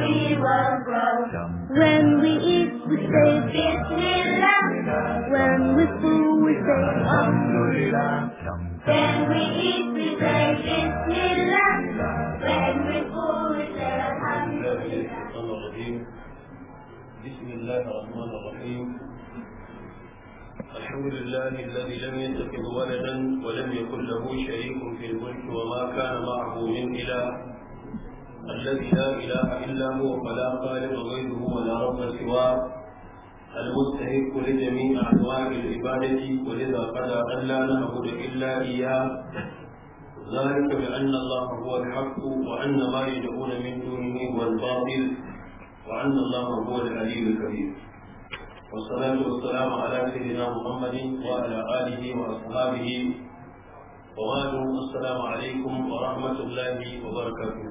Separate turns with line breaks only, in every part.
we will grow. When we eat, we say Bismillah. When we fool, we say
Alhamdulillah. When we eat, we say Bismillah. When we fool, we say Alhamdulillah.
بسم الله الرحمن الرحيم الحمد لله الذي لم يتخذ ولدا ولم يكن له شريك في الملك وما كان معه من اله الذي لا إله إلا هو فلا خالق غيره ولا رب سواه المستحق لجميع أنواع العبادة ولذا قضى أن لا نعبد إلا إياه ذلك بأن الله هو الحق وأن ما يدعون من دونه هو الباطل وأن الله هو العلي الكبير والصلاة والسلام على سيدنا محمد وعلى آله وأصحابه وبعد السلام عليكم ورحمة الله وبركاته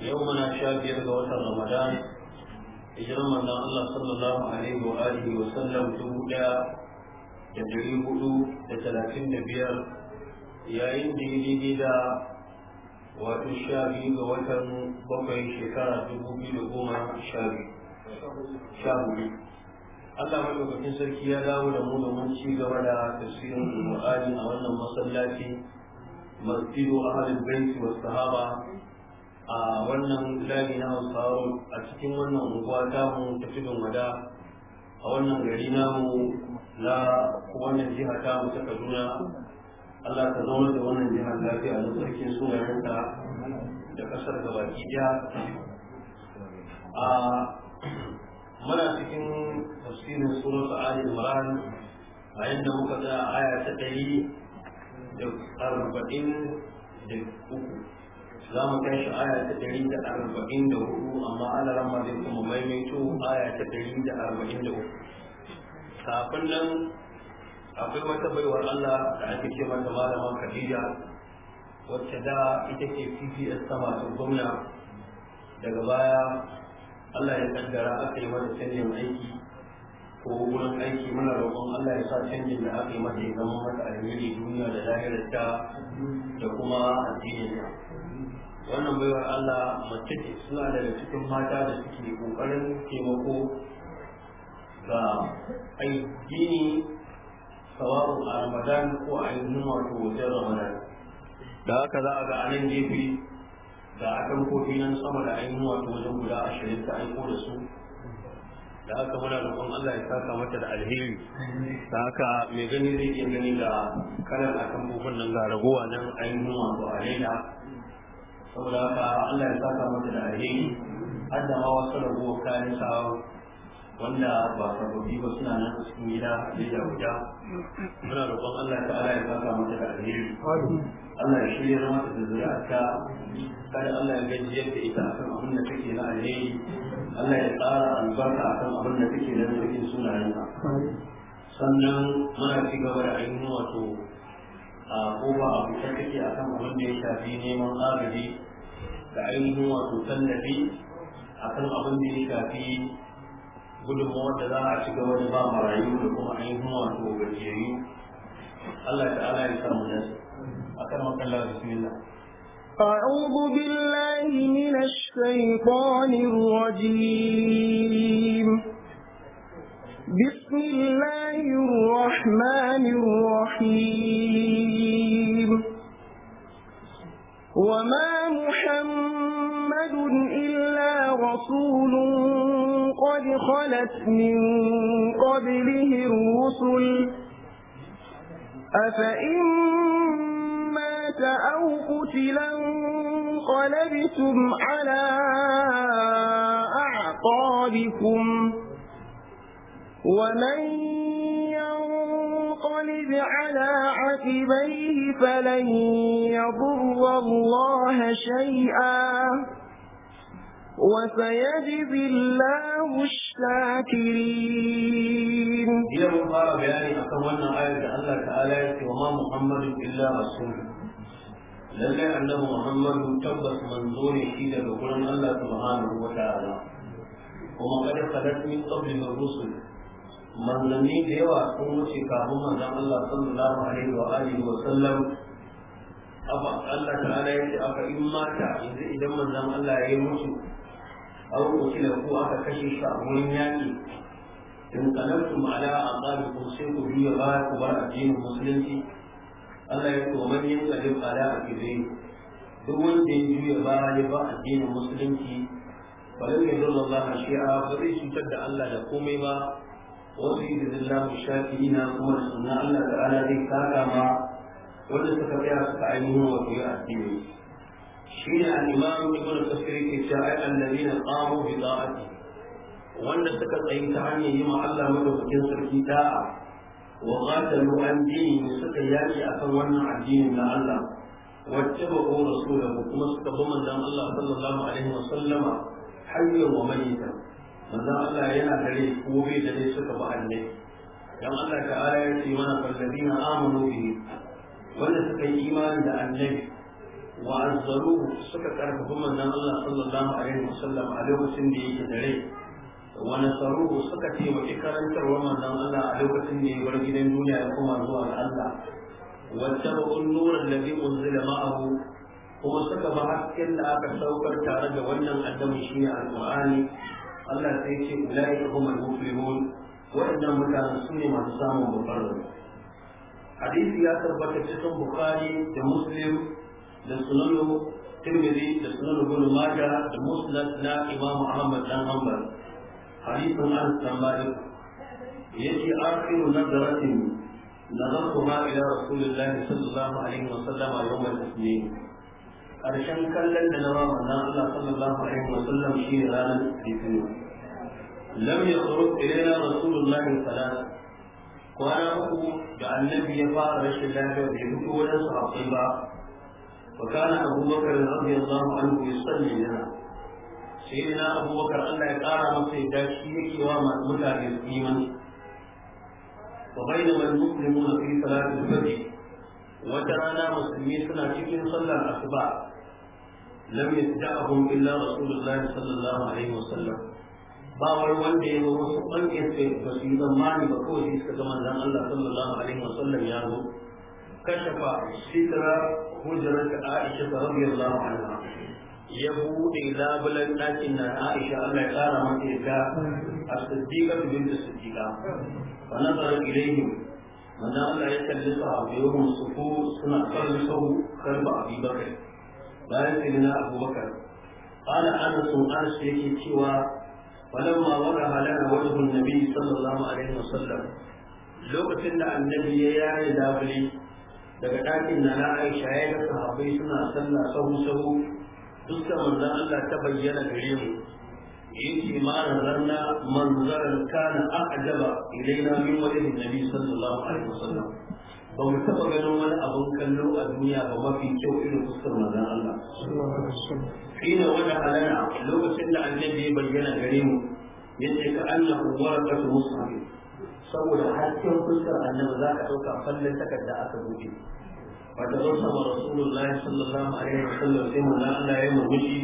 yau muna sha biyar ga watan ramadan hijiran manzon Allah sallallahu alaihi wa alihi wa dubu daya da dari hudu da talatin da biyar yayin da yi da wato sha biyu ga watan bakwai shekara dubu biyu da sha biyu sarki ya dawo da mu domin ci gaba da tafsirin Qur'ani a wannan masallaci masjidu ahlul bait was sahaba a wannan labi na hausawa a cikin wannan unguwa mu ta tudun wada a wannan gari namu na wannan jiha mu ta kaduna allah ta zama da wannan jihar lafiya na sarkin sunayenta da kasar baki daya a muna cikin tafsirin sunan ali maran a yadda muka ga aya ta ɗari da arba'in da uku za mu kai shi aya ta ɗari da arba'in da hudu amma ana zai kuma maimaito aya ta ɗari da arba'in da hudu kafin nan akwai wata baiwar Allah da ake ce mata malaman Khadija wacce da ita ce PPS ta gwamna daga baya Allah ya kaddara aka yi mata canjin aiki ko wurin aiki muna roƙon Allah ya sa canjin da aka yi mata ya zama mata alheri duniya da lahirar ta da kuma addinin ta. wannan baiwar Allah mace ce suna daga cikin mata da suke kokarin taimako ga addini sawa'u a Ramadan ko a yanzu wato wajen Ramadan da haka za a ga anan gefe da akan kofi nan sama da ainihin wato wajen guda ashirin ta aiko da su da haka muna roƙon Allah ya saka mata da alheri da haka mai gani zai iya gani da kalan akan bubun nan ga ragowa nan a ainihin wato a laila
saboda haka Allah ya saka masa da alheri
har da ma wasu raguwar kayan sawa wanda ba sababbi ba suna nan a cikin gida da jabuja muna roƙon Allah ta'ala ya saka mata da alheri Allah ya shirya mata da zuri'arta kada Allah ya gajiyar da ita akan abin da take na alheri Allah ya tsara albarka akan abin da take na zuri'in sunayensa sannan muna ci gaba da ainihin wato ko ba abu ta kake akan abin da ya shafi neman agaji da ainihin wato tallafi akan abin da ya shafi gudunmawar da za a ci gaba da ba marayu da kuma ainihin wato gajiyayyu Allah ta'ala ya samu nasu akan makallar bismillah
أعوذ بالله من الشيطان الرجيم بسم الله الرحمن الرحيم وما محمد إلا رسول قد خلت من قبله الرسل أفإن مات أو قتلا قلبتم على أعقابكم ومن ينقلب على عقبيه فلن يضر الله شيئا وسيجزي الله الشاكرين. إلى
مقارنة يعني أتمنى آية الله تعالى وما محمد إلا رسول. لله أن محمد تبت من منظور إلى بقول الله سبحانه وتعالى. وما قد خلت من قبل من الرسل manzanni da yawa sun wuce kafin manzan Allah sallallahu alaihi wa alihi wa sallam aba Allah ta'ala yace aka in mata yanzu idan manzan Allah ya yi mutu aw ukila ku aka kashe shi a wurin yaki in qalabtum ala ku sai ku biya ba ku bar addinin musulunci Allah ya ce man yanqalib ala aqibihi duk wanda ya juya ba ya ba addinin musulunci fa lan yadurra Allah shay'a ba zai cutar da Allah da komai ba wasu yi da zillahu shafi'i na kuma da Allah da ala zai saka ma wanda suka tsaya ta ainihin wato ya addini shi ne al'imamu ibn kasir ke cewa ai annabi na tsaro bi da'ati wanda suka tsayi ta hanyar yi ma Allah madaukakin sarki da'a wa qatalu an dini suka yaki akan wannan addinin na Allah Wacce ba kuma suka رسوله كما Allah الله صلى الله عليه وسلم wa وميتا manzon Allah yana dare ko bai dare suka ba annabi dan Allah ta'ala ya ce mana fallazina amanu bihi wanda suka yi imani da annabi wa azzaruhu suka karfafa manzon Allah sallallahu alaihi wasallam a lokacin da yake dare wa nasaruhu suka taimaki karantarwa manzon Allah a lokacin da ya bar gidan duniya ya koma zuwa ga Allah واتبعوا النور الذي انزل معه kuma suka ba hasken da aka saukar tare da wannan annabi shine alqur'ani Allah sai ce ulai humul muflihun waɗannan mutanen su ne masu samun babbar rabo hadisi ya tabbata cikin bukhari da muslim da sunanu tirmidhi da sunanu ibn majah da musnad na imam ahmad dan hanbal hadisin anas dan malik yace akhiru nazaratin nazartuha ila rasulillahi sallallahu alaihi wasallam yawm al-ithnin ƙarshen kallon da na ba na Allah sallallahu alaihi wa sallam shi ne ranar litinin lam yakhruj ilayna rasulullah sallallahu kwana uku da annabi ya fara rashin lafiya bai fito wajen sahabbai ba wa kana abubakar radiyallahu anhu yusalli lana sayyidina abubakar Allah ya kara masa ya yadda ya ke wa mutane imani وبينما المسلمون في صلاة الفجر وترانا مسلمين suna cikin صلى asuba. lam yad'ahum illa rasulullahi sallallahu alaihi wasallam ba wani wanda ya zo musu bankin sai ba su yi zamani ba ko shi suka ga Allah sallallahu alaihi wasallam ya zo kashafa sidra hujrat Aisha a anha ya buɗe labulan ɗakin na Aisha Allah ya ƙara mata yadda a siddiƙa su bin da siddiƙa wa nazara ilayhim manzon Allah ya kalli sahabbai sufu suna kallon sau kalba Abi bayan sayyidina abubakar qala anas anas yake cewa falamma wadaha lana wajhu annabi sallallahu alaihi wasallam lokacin da annabi ya yaye labule daga ɗakin na na aisha ya ga sahabbai suna sallah sahu sahu dukkan manzon Allah ta bayyana gare mu yace ma nazarna manzaran kana a'jaba ilaina min wajhi annabi sallallahu alaihi wasallam ba mu taɓa ganin wani abin kallo a duniya ba mafi kyau irin fuskar manzon Allah ina wata halana lokacin da annabi ya bayyana gare mu yace ka annahu warakatu mushaf saboda hasken fuskar annabi za ka ɗauka fallon takarda aka buɗe wata zausa ma rasulullahi sallallahu alaihi wasallam sai manzon Allah ya murmushi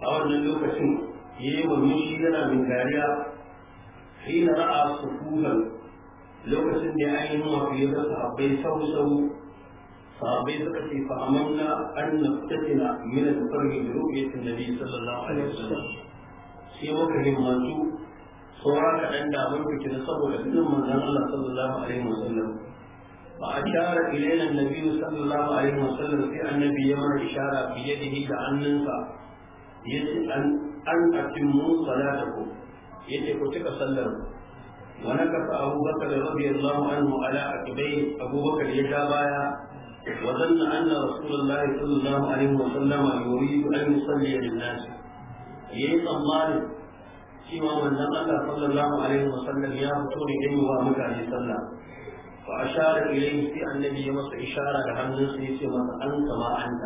a wannan lokacin ya yi murmushi yana min dariya حين رأى صفوفا lokacin da ya ainihin wato ya ga sahabbai sau sau sahabbai suka ce fa amanna an na naftatina min al-farqi bi ru'yatin nabi sallallahu alaihi wasallam sai muka himmatu saura kaɗan da mun fitina saboda sunan manzon Allah sallallahu alaihi wasallam fa ashara ilayna an-nabi sallallahu alaihi wasallam sai annabi ya mara ishara bi yadihi da hannunsa ya ce an an atimmu salatakum yace ku cika sallar ku ونكف أبو بكر رضي الله عنه على عقبيه أبو بكر يتابايا وظن أن رسول الله صلى الله عليه وسلم يريد أن يصلي للناس يأتى الله سوى من نقل صلى الله عليه وسلم يا فطور إليه ومكة صلى فأشار إليه في النبي مصر إشارة لحمد سيسي أنت ما أنت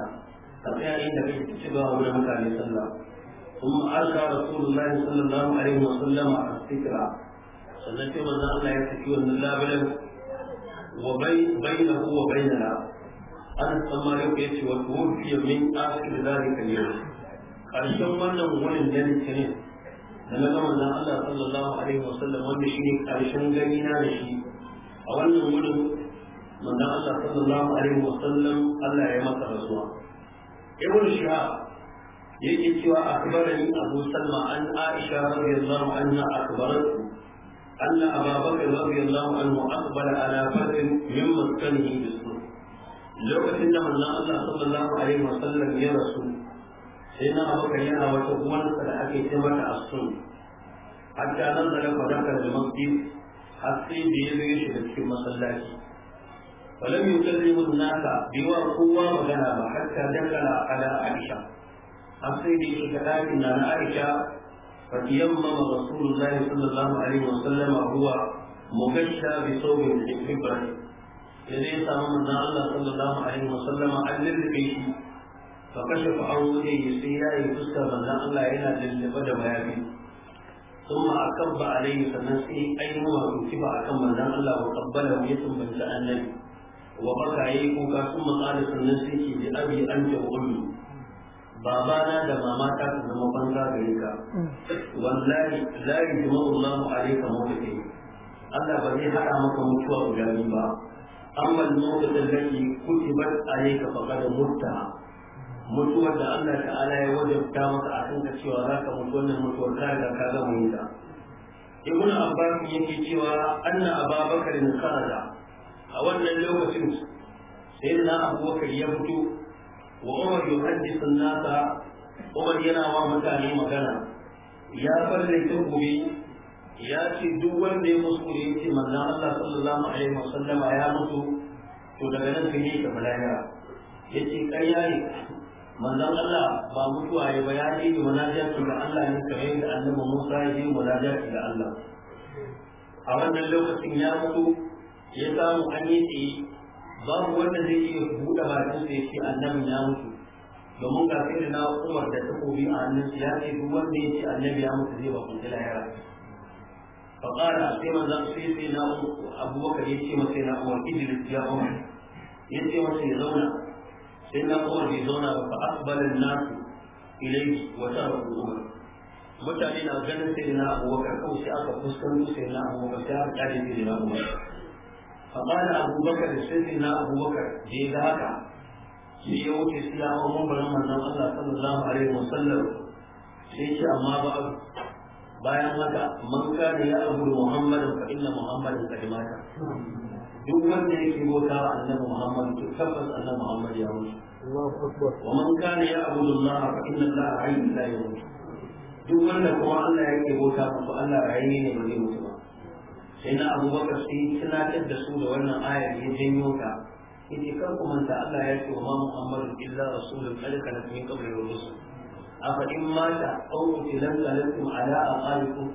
فكان عندك اتباع ونمكة صلى ثم أرسل رسول الله صلى الله عليه وسلم الفكرة sannan sai manzon Allah ya saki wannan labulen wa bai bainahu wa bainana an san yau ya ce wa fiye min akhir zalika al-yawm karshen wannan wurin da ne da na ga manzon Allah sallallahu alaihi sallam wanda shi ne karshen gani na da shi a wannan wurin manzon Allah sallallahu alaihi sallam Allah ya masa rasuwa ibn shihab yake cewa akbarani abu salma an aisha radiyallahu anha akbaratu أن أبا بكر رضي الله عنه أقبل على فرد من مسكنه بالسوق lokacin da manzon Allah sallallahu alaihi wasallam ya rasu sai na abu yana wata uwarsa da ake ce mata asun hatta nan da rafa zakar da masjid har sai da ya zai shiga cikin masallaci falam yukallimu nasa biwa kowa magana ba hatta dakala ala aisha har na na aisha فتيمم رسول الله صلى الله عليه وسلم هو مغشى بثوب من حبره يدي سامم الله صلى الله عليه وسلم عن للبيت فكشف عن وجهه سيرا يفسر من الله الى للبدا ويابي ثم أكب عليه فنسي أيما كتب أكم من الله وقبله يتم من النبي وبكى يكوكا ثم قال فنسيك لأبي أنت وأمي babana da mamata su zama banza gare ka wallahi la yajma'u Allahu alayka mawqitin Allah ba zai hada maka mutuwa guda biyu ba amma al-mawqit allati kutibat alayka faqad mutta mutuwar da Allah ta'ala ya wajabta maka a kanka cewa za ka mutu wannan mutuwar ka riga ka gama yi ta ibnu abbas yake cewa anna ababakar kharaja a wannan lokacin sai na abubakar ya fito wa umar yuhaddithu an-nasa umar yana wa mutane magana ya farle gobe ya ce duk wanda ya kuskure ya ce manzon Allah sallallahu alaihi wasallama ya mutu to daga nan sai ya malaya ya ce ƙarya ne manzon Allah ba mutuwa ya ba ya ce da munajati ga Allah ne kamar yadda annabi Musa ya yi munajati ga Allah a wannan lokacin ya mutu ya samu an yi babu wanda zai iya buɗe bakin da yake annabin ya mutu domin kafin da na umar da takobi a hannun ya ce duk wanda ya annabi ya mutu zai ba kun ji lahira فقال سيما زم سيدنا ya بكر يتي مسينا sai اجلس يا عمر يتي مسينا زونا سيدنا عمر بزونا فأقبل الناس إليه وتركوا عمر mutane na ganin sai na abubakar kawai sai aka fuskanto sai na abubakar sai aka kyale sai na abubakar فقال أبو بكر سيدنا أبو بكر جيداك يشوك إسلام ومبرا من الله صلى الله عليه وسلم سيش أما بعد bayan haka man kana ya abu muhammadin fa inna muhammadin qad duk wanda yake bota wa annabi muhammad to tabbas annabi muhammad ya mutu wa man kana ya abu allah fa inna allah hayy la yamut duk wanda kuma Allah yake bota, Allah ne ba sai na abubakar sai tunatar da su da wannan ayar ya janyo ta yace kan ku manta Allah ya ce ma Muhammadu illa rasulun qad kanat min da rusul A in mata aw utilan kalatum ala aqalikum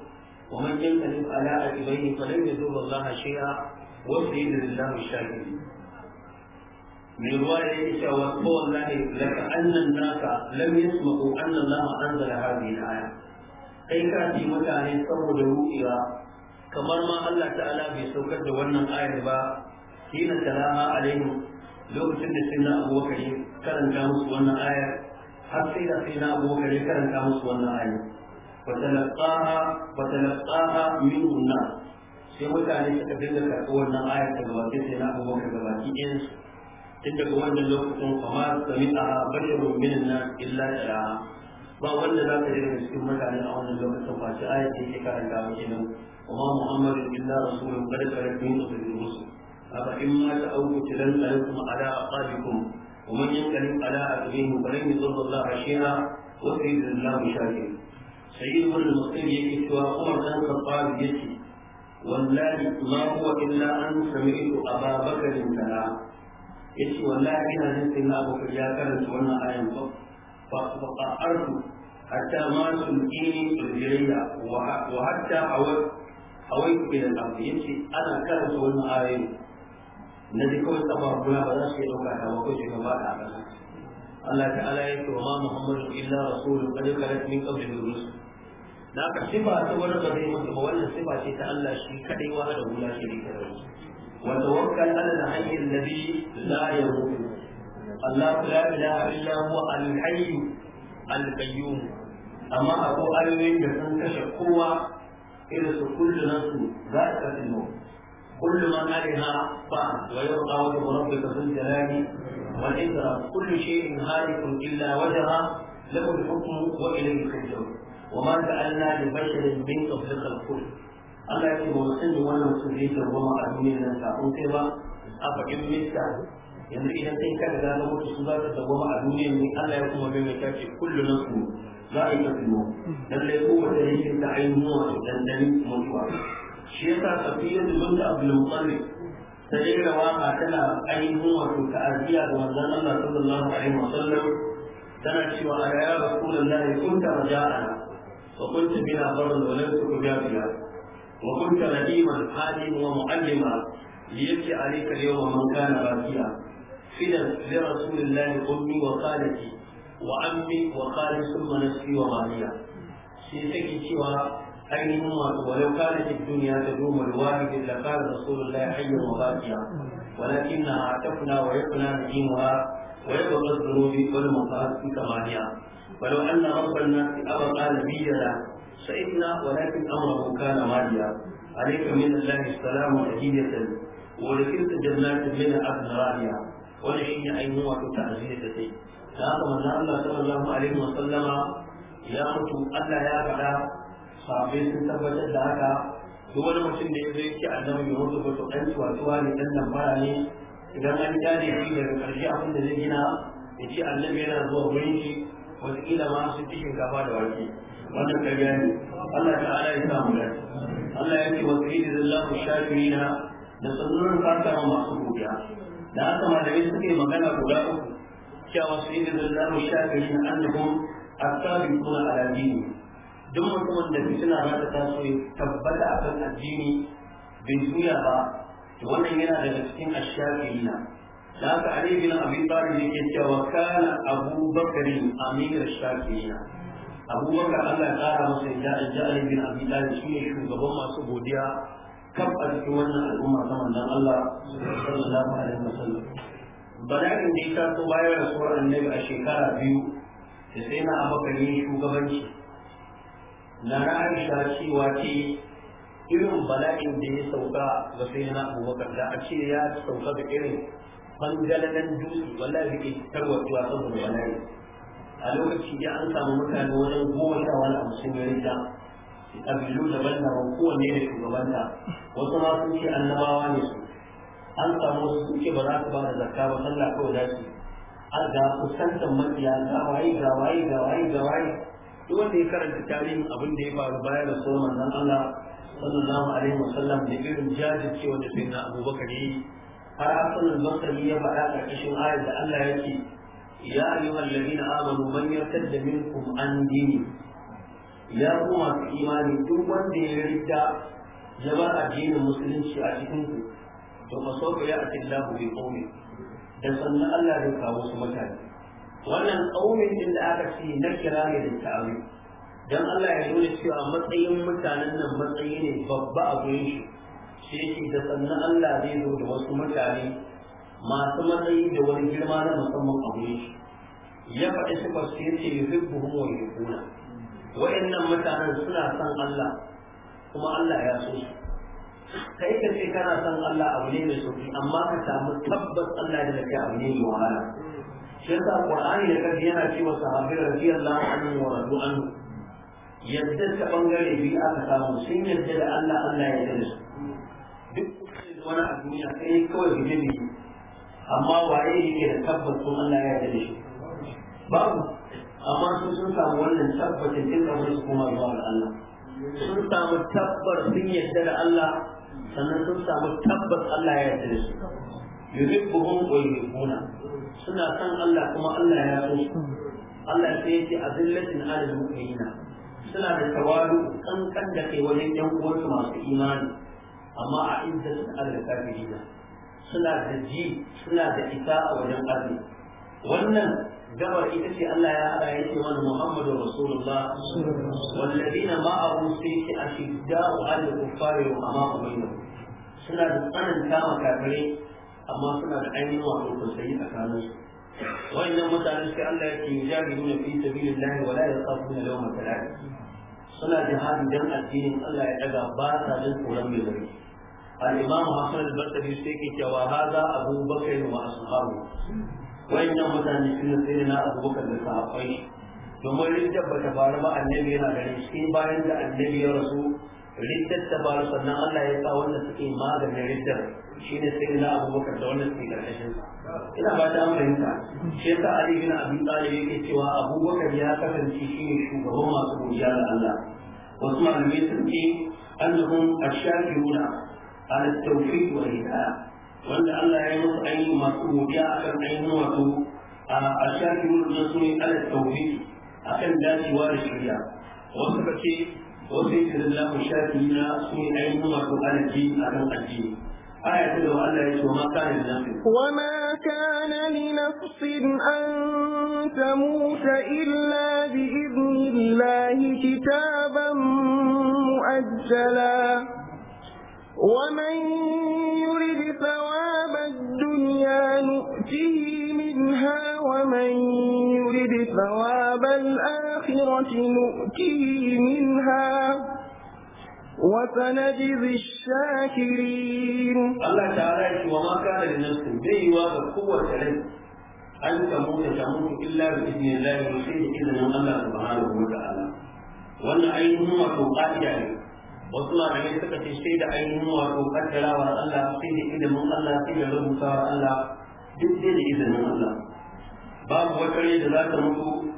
wa man yankalib ala aqibihi falan yadurra Allah shay'a wa sayyidu lillahi shakirin من رواية عائشة وقول الله لكأن الناس لم يسمعوا أن الله أنزل هذه الآية. أي كاتي متى saboda ruɗewa. kamar ma Allah ta'ala bai saukar da wannan ayar ba hina salama alaihim lokacin da sai na abubakar karanta musu wannan ayar har sai da sai na abubakar karanta musu wannan ayar fatalaqaha fatalaqaha min nas sai mutane suka dinga karɓi wannan ayar daga bakin sai na abubakar da baki ɗayan su tun daga wannan lokacin kama sami'aha basharun min nas illa talaha ba wanda za ka daga cikin mutane a wannan lokacin ba shi ayar da yake karanta musu وما محمد إلا رسول قد خلت من قبل الرسل أفإما تأووا تلنكم على أعقابكم ومن ينقلب على عقبيه فلن يضر الله شيئا وسيد الله شاكرا سيد بن المصير يكتب عمر بن الخطاب يكتب والله ما هو إلا أن سمعت أبا بكر كلام يكتب والله إلى نفس الله أبو بكر يا كرم سمعنا آية فقعرت حتى ما تلقيني الجريدة وحتى حولت awaitu ila al-ard ce ana karanta wani ayoyi
na dai kawai tsaba kula ba za su yi ɗauka ta ba ko
ce gaba da haka Allah ta'ala ya ce wa ma Muhammadu illa rasulun qad khalat min qablihi rusul da aka sifa ta wani ba zai mutu ba wannan sifa ce ta Allah shi kadai wa da hula shi ne kadai wa tawakkal ala al-hayy alladhi la yamut Allah la ilaha illa huwa al-hayy al-qayyum amma akwai ayoyin da sun kashe kowa irin su kullu nasu za ta tsino kullu man alaiha fa wa yabqa wajhu rabbika dhul jalali wal ikram kullu shay'in halikun illa wajha lahu al-hukmu wa ilayhi al-hukm وما جعلنا لبشر من قبلك الخلد Allah ya ce ba mu sani wannan sun zai tarwama a duniyar nan kafin kai ba a bakin minista yanzu idan kai ka riga na mutu su za su tarwama a duniyar ne Allah ya kuma bai mai tace kullu nasu za a yi tafiyo lallai wata yankin da ainihin wato dandani mutuwa shi yasa safiyar da zunda abdulmutsalli ta da waka tana ainihin wato ta'aziyya ga manzon Allah sallallahu alaihi wasallam tana cewa a ya rasulullahi kunta raja'ana wa kunta bina fardan wa lam tukun biya وكنت نديما حالما ومعلما ليبكي عليك اليوم من كان باكيا فدا لرسول الله امي وخالتي wa ammi wa qali summa wa maliya shi take cewa ainihin wato walau kana fi dunya ta doma alwahid la qala rasulullahi hayyan wa baqiya walakinna atafna wa yaqna na'imuha wa yabqa dhunubi wal mafasi kamaniya ولو أن رب الناس أبقى نبيا له شئنا ولكن أمره كان ماليا عليك من الله السلام هدية ولكنت جنات من أبن راعيا ولشيء ta sai. da haka manzo Allah sallallahu alaihi wa sallama ya mutu Allah ya faɗa sahabbai sun tabbatar da haka duk wani mutum da ya zo yake annabi ya mutu wato ɗan tuwatuwa ne ɗan lambara ne idan an gane shi daga ƙarshe abin da zai gina ya ce annabi yana zuwa wurin shi wataƙila ma su ci shinkafa da wake wannan ƙarya ne Allah ta'ala ya samu lafiya Allah ya ce wasu hidi zallahu shafirina da sanurin fata masu godiya da aka malamai suke magana guda uku cewa su yi zallahu a annahum asabiquna a addini duk mutumin da fitina za ta taso ya tabbata kan addini bai juya ba wannan yana daga cikin ashakirina da haka ali bin abi talib yake cewa kana abubakar amir ashakirina abubakar Allah ya kara masa ya ji ali bin da shi ne shugaban masu godiya kaf a cikin wannan al'umma ta manzan Allah sallallahu alaihi wasallam bala'in da ya taso bayan rasuwar annabi a shekara biyu da sai na yi shugabanci na ra'aisha cewa ce irin bala'in da ya sauka ga sai na abubakar da a ce ya sauka da irin bangalalan dutse wallahi zai tarwatuwa saboda bala'i a lokaci ya an samu mutane wajen goma sha wani abu sun yi rita kabilu daban-daban kowanne da shugabanta wasu ma sun ce annabawa ne su an samu wasu suke ba za su ba da zakka ba sallah kawai za su an ga kusantan makiya ga waye ga waye ga waye ga waye duk wanda ya karanta tarihin abin da ya faru bayan da soma nan Allah sallallahu alaihi sallam da irin wanda sai na abu Bakar yi har Hassan al-Basri ya faɗa a ayar da Allah ya ce. ya ayyuhal ladina amanu man yartadda minkum an dini ya kuma imani duk wanda ya rida ya ba addinin musulunci a cikin ku ثم سوف يأتي الله بقوم da sannan Allah zai kawo su mutane wannan ƙaumin din da aka ce na kira ne da ta'awi dan Allah ya nuna cewa matsayin mutanen nan matsayi ne babba a gurin shi shi yake da sannan Allah zai zo da wasu mutane masu matsayi da wani girma na musamman a gurin shi ya faɗi su fasu yace yi wa wa'in nan mutanen suna son Allah kuma Allah ya so su kai ka ce kana son Allah abu ne mai sauki amma ka samu tabbas Allah da kai abu ne mai wahala shi yasa Qur'ani da kafi yana cewa sahabbai radiyallahu anhu wa radu anhu yadda ta bangare biyu aka samu sun yadda da Allah Allah ya yarda su duk wani a duniya kai kawai gije ne amma waye yake da tabbas sun Allah ya yarda shi babu amma su sun samu wannan tabbacin duk abin su kuma zuwa ga Allah sun samu tabbar sun yadda da Allah sannan sun samu tabbas Allah ya yarda da su yuhibbuhum wa yuhibbuna suna san Allah kuma Allah ya so su Allah sai yake azillatin alal mu'minina suna da tawadu kankan da kai wajen yan uwansu masu imani amma a izzatin alal kafirina suna da ji suna da ita a wajen azumi wannan gabar ita ce Allah ya haɗa ya ce wani Muhammadu Rasulullah wallazina ma'ahu sai ce a shidda'u ala kuffari wa amma ubayyu suna da tsananta ma kafirai amma suna da ainihin wato tausayi tsakanin su wayannan mutane sai Allah ya ce yujahiduna fi sabilillahi wa la yakhafuna yawma talaq suna jihadi dan addinin Allah ya daga ba tsoron Hassan al sai ke cewa hadha Abu Bakr wayannan mutane sun sai na abubakar da sahabbai ne domin riddar ba ta faru ba annabi yana ganin shi bayan da annabi ya rasu riddar ta faru sannan Allah ya sa wanda suke maganin riddar shi ne sai na abubakar da wanda suke karkashin ina ba ta amfahimta shi yasa Ali bin Abi Talib yake cewa abubakar ya kasance shi ne shugaban masu godiya da Allah wasu malamai sun ce annahum ash-shakiruna ala at-tawfiq ولعلها ينص أي مكتوب جاء أخر أي نوته الشاك من الجسمي على التوفيق أخر آية لا سوار الشجاع وصفك وصفك لله الشاك من الجسمي أي نوته على الجين أخر الجين آية لو أن يسوى ما كان لنفسه
وما كان لنفس أن تموت إلا بإذن الله كتابا مؤجلا ومن ثواب الدنيا نؤتيه منها ومن يرد ثواب الآخرة نؤتيه منها وسنجزي الشاكرين الله تعالى وما كان لنفس بي قوة
لك أن تموت تموت إلا بإذن الله وحيد إذن الله سبحانه وتعالى وأن أي أمة يعني wasu malamai suka ce sai da ainihin wato kaddarawa Allah sai da ilimin Allah sai da rubutawa Allah duk sai da izinin Allah babu wata rai da za ta mutu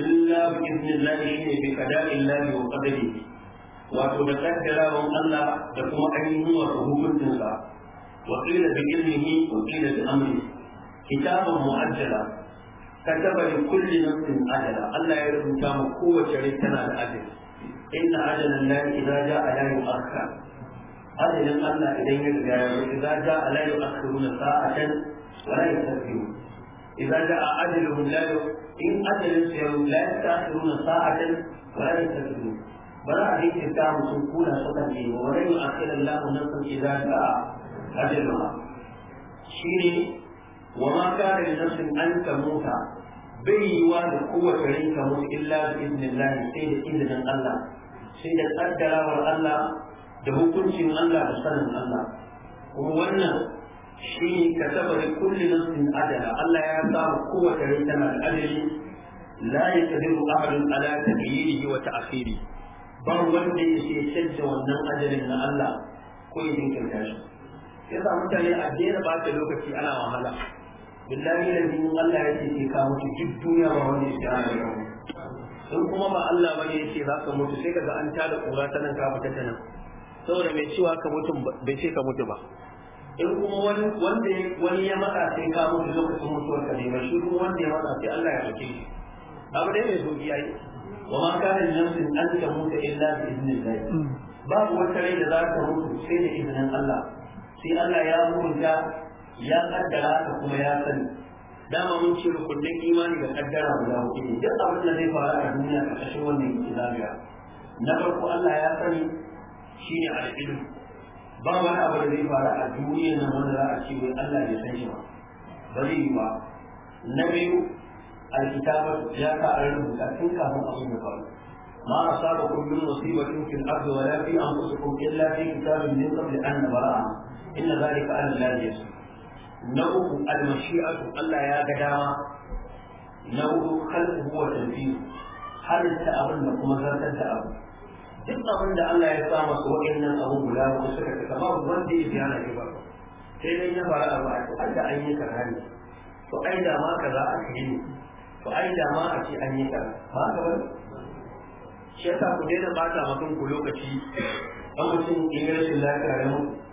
illa bi iznillahi shine bi qada'illahi wa qadarihi wato da kaddarawan Allah da kuma ainihin wato hukuncinsa wa qila bi ilmihi wa qila bi amrihi kitabun mu'ajjala kataba li kulli nafsin ajala Allah ya rubuta mu kowace rai tana da ajali inna ajalan lahi idza jaa la yu'akhkhar ajalin Allah idan ya riga ya zo idza jaa la yu'akhkharuna sa'atan wa la yastaqdimu idza jaa ajaluhum la in ajalin sa yau la sa'atan wa la yastaqdimu ba za a jinkirta mutum kuna suka ne ba wa la yu'akhkhiru Allahu nafsan idza jaa ajaluha shine wa ma kana li bai yiwa da kowace illa bi idnillahi sai da izinin Allah sai da kaddarawar Allah da hukuncin Allah da sanin Allah kuma wannan shi ne ka saba da kulli nafsin adala Allah ya sa kowace rai tana da adali la yaqdiru ahadun ala taghyirihi wa ta'khirihi ba wanda ya yake canza wannan adalin na Allah ko ya jinkirta shi yasa mutane a daina ba ta lokaci ana wahala billahi da Allah ya ce ka mutu duk duniya ba wanda ya shi in kuma ba Allah bane yake za ka mutu sai kaga an tada kura ta nan ka fita ta nan saboda mai cewa ka mutu bai ce ka mutu ba in kuma wani wanda wani ya matsa sai ka mutu lokacin mutuwar ka ne ba shi kuma wanda ya matsa sai Allah ya dauke shi abu dai mai sauki yayi wa ma kana nafsin an ta mutu illa bi idnillah babu wata rai da za ka mutu sai da izinin Allah sai Allah ya hukunta ya kaddara ka kuma ya sani dama mun ce rukunin imani da kaddara guda hudu ne duk abin da zai faru a duniya a ƙarshen wannan islamiya na farko Allah ya sani shi ne ilm ba wani abu da zai faru a duniya na wanda za a ce wai Allah bai san shi ba ba zai yi ba na biyu al-kitaba ya ka an rubuta tun kafin abin ya faru ما أصابكم من مصيبة في الأرض ولا في أنفسكم إلا في كتاب من قبل أن نبرأها إن ذلك على الله يسير na uku almashi'atu Allah ya ga dama na uku khalquhu wa tanfiyu halitta abin da kuma zartar da abu duk abin da Allah ya sa masa wa'annan abu guda ko suka ta kamar wanda ya ji ana ba sai dai ya fara abu a an da an yi kaza ne to ai da ma kaza a yi ne to ai da ma a ce an yi kaza ba ka ba shi yasa ku daina bata mutum ku lokaci an mutum in rashin lafiya da mutum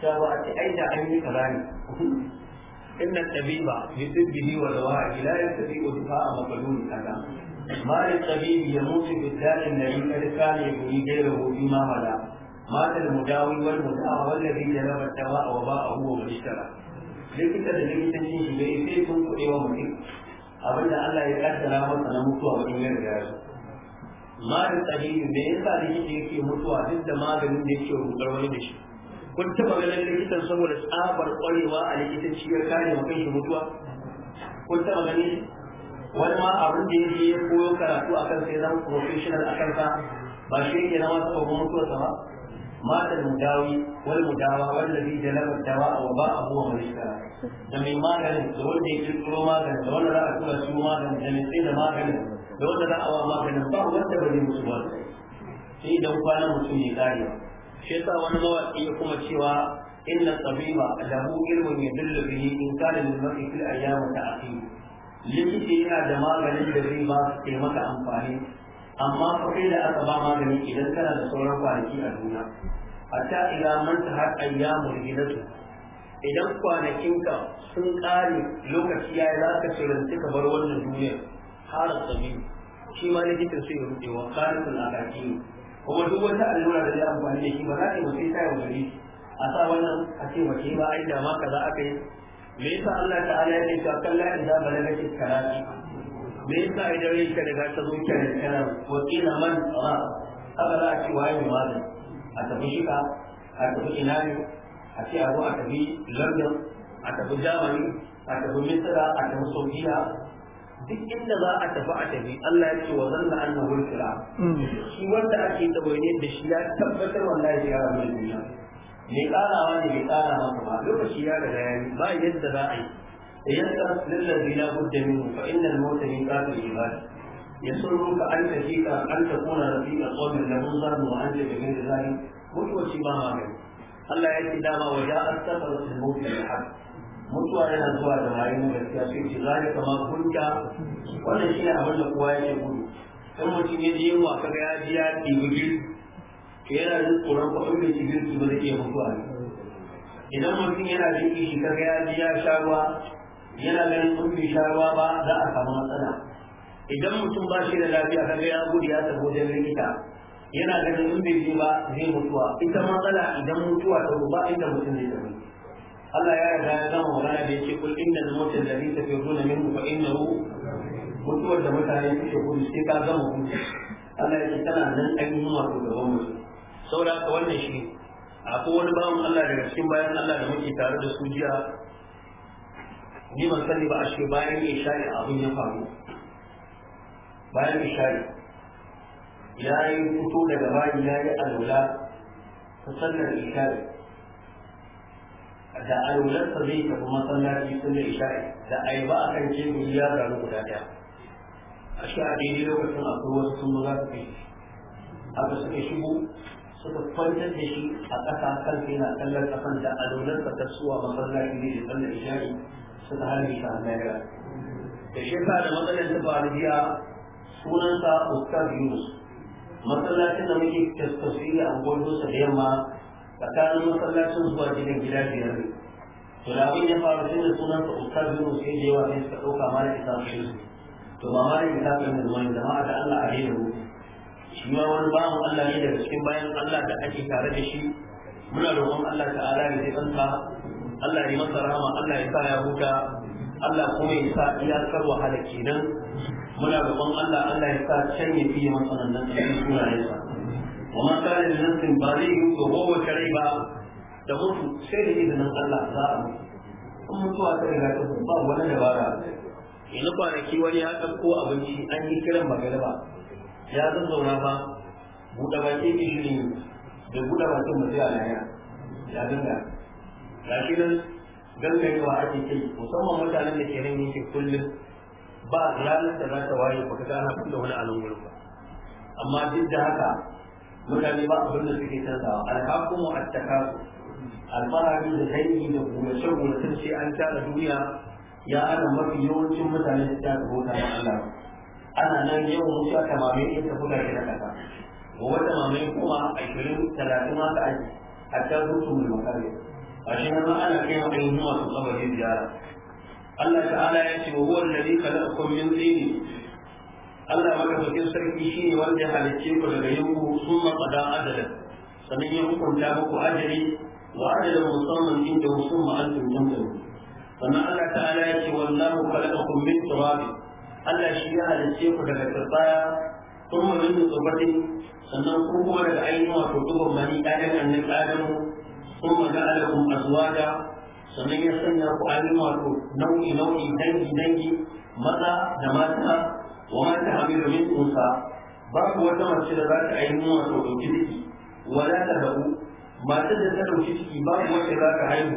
ta ba a ce ai da an yi kaza ne inna tabiba bi tibbihi wa dawa'i la yastati wa difa'a maqlul kaza ma li tabibi yamutu bi dalil nabi kad kana yuri ghayruhu bima mala mata al mudawi wal muda'a wallazi jaraba dawa'a wa ba'ahu wa ishtara likita da likitanci shi bai sai sun kuɗe wa mutum abinda Allah ya kaddara masa na mutuwa wajen yin gaya ma da tsahihi me yasa likita yake mutuwa duk da maganin da yake rubar wani da shi kun taba ganin likitan saboda tsabar kwarewa a likitanci ya kare wa kanshi mutuwa kun taba gani wani ma abin da yake ya koyo karatu a kan sai zama professional a kansa ba shi yake zama sababin mutuwa sama? matan mudawi wal mudawa wanda bi da lamar dawa a waba abu wa malika da mai maganin da wanda ya kirkiro maganin da wanda za a tura su maganin da mai tsaye da maganin da wanda za a wa maganin ba wanda ba zai musu ba sai idan kwanan mutum ya karewa shi yasa wani mawaki ya kuma cewa inna tabiba lahu ya yadullu bihi in kana lil mar'i fil ayyam ta'qib likita yana da maganin da zai ba su taimaka amfani amma fa kai da aka ba magani idan kana da sauran kwanaki a duniya hatta ila man tahar ayyamul hidatu idan kwanakinka sun kare lokaci yayi za ka shirinci ka bar wannan duniya har tabibi shi ma likitan sai ya rubewa kharikul aqaqi kuma duk wata allura da zai amfani da shi ba za ka yi wasai ta yi gari a sa wannan a ce wace ba ai da ma za a kai? me yasa Allah ta'ala ya ce ka kalla idan balagatin karati me yasa idan rai ka ga ta zo kyan kana wa kila man ra aka za a ce waye mai malam a tafi shika a tafi ina ne a ce a zo a tafi london a tafi jamani, a tafi misira a tafi saudiya duk inda za a tafi a tafi Allah ya ce wa zanna annahu al hmm. shi wanda ake tsawaye da shi ya tabbatar wallahi ya rabu duniya me karawa ne bai kara masa ba lokaci ya ga ya yi ba yadda za a yi tayassar lillazi la budda minhu fa inna al-maut min qatil ibad ka an tajika an takuna rafiqa qawmin lahu zannu wa anta bi ghayri zalik mutuwa shi ba ma Allah ya ce dama wa ja'a safaru al-maut bil haqq mutuwa yana zuwa da rayuwar gaskiya sai ce zai kama kunta wannan shine abin da kowa yake gudu in mutum ya je yunwa kaga ya ji ya ɗibi girki to yana jin tsoron ko in bai ci girki ba zai iya mutuwa idan mutum yana jin kishi kaga ya ji ya sha ruwa yana ganin in bai sha ruwa ba za a samu matsala idan mutum ba shi da lafiya kaga ya gudu ya tafi wajen likita yana ganin in bai je ba zai mutuwa ita matsala idan mutuwa ta ba inda mutum zai tafi Allah ya yarda ya gama magana da yake kul inna al-mautal ladhi tafirruna minhu fa innahu mutuwar da mutane suke gudu sai ka zama gudu Allah ya ce tana nan an yi wato gaban mu saboda haka wannan shi akwai wani bawan Allah daga cikin bayan Allah da muke tare da su jiya ni ban sani ba a shi bayan isha'i abin ya faru bayan isha'i ya yi fito daga bayan ya yi alwala ta sallar isha'i da alulansa zai tafi masallaci sun da isha'i da ayaba a kan jebin ya gano guda ɗaya a shi a daidai lokacin akwai wasu sun maza su fi haka suka shigo suka kwantar da shi a ƙasa kan yana kallon ƙasan da alulansa ta suwa masallaci ne da sun da isha'i suka harbi ta hannayar da shi sa da matsalar ta faru biya sunansa Ustaz Yunus masallacin da muke tasiri a gwamnatinsa da yamma tsakanin masallacin zuwa gidan gida biyar ne to da abin ya faru sai da sunan sa ustaz bin sai da yawa sai suka dauka mana isa shi to ba ma da isa bin zuwan jama'a da Allah a rena mu shi ma wani bawan Allah ne daga cikin bayan Allah da ake tare da shi muna roƙon Allah ta'ala ya tsanta Allah ya masa rahama Allah ya sa ya huta Allah kuma ya sa iyakar wahala kenan muna roƙon Allah Allah ya sa can ya fiye masa nan cikin sunayensa misalin nan ba zai yi ga kowace kare ba da mutu sai da izinin Allah za a mutu in mutuwa ta riga ta ba wani dabara yanzu kwanaki wani ya ɗauko abinci an yi kiran magariba ya zauna ba buɗe baki ke shirin da buɗe bakin mutu a laya ya dinga ga shi nan gangayewa ake kai musamman mutanen da ke nan yake kullum ba ranar da za ta waye ba ka ana kulle wani alungulu amma duk da haka mutane ba abin da suke canzawa alhakumu attakasu alfahari da dangi da gurace sun ce an tara duniya ya ana mafi yawancin mutane su tara bota ma Allah ana nan yawan mutuwa ta mamaye ta buga shi na kasa ga wata mamaye kuma ashirin talatin haka ake hatta zuwa mai makarbe a shi nan ana kai ma ɗin zuwa su zama ziyara Allah ta'ala ya ce wa huwa alladhi khalaqakum min tin Allah madaukakin sarki shi ne wanda ya halicce ku daga yanku sun matsada adalin sannan ya hukunta muku ajali wa ajalin musamman inda sun ma'antum tantaru sannan Allah ta'ala ya ce wallahu khalaqakum min turab Allah shi ya halicce ku daga tsaya sun ma min tsubatin sannan ku kuma daga ainihin wato dubban mani ɗayan annin mu, sun ma ja'alakum azwaja sannan ya sanya ku ainihin wato nau'i nau'i dangi dangi maza da mata wa man ta'amilu min unsa babu wata mace da za ta ainihin wato dauki ciki wala ta dabu matar da ta dauki ciki babu wacce za ta haihu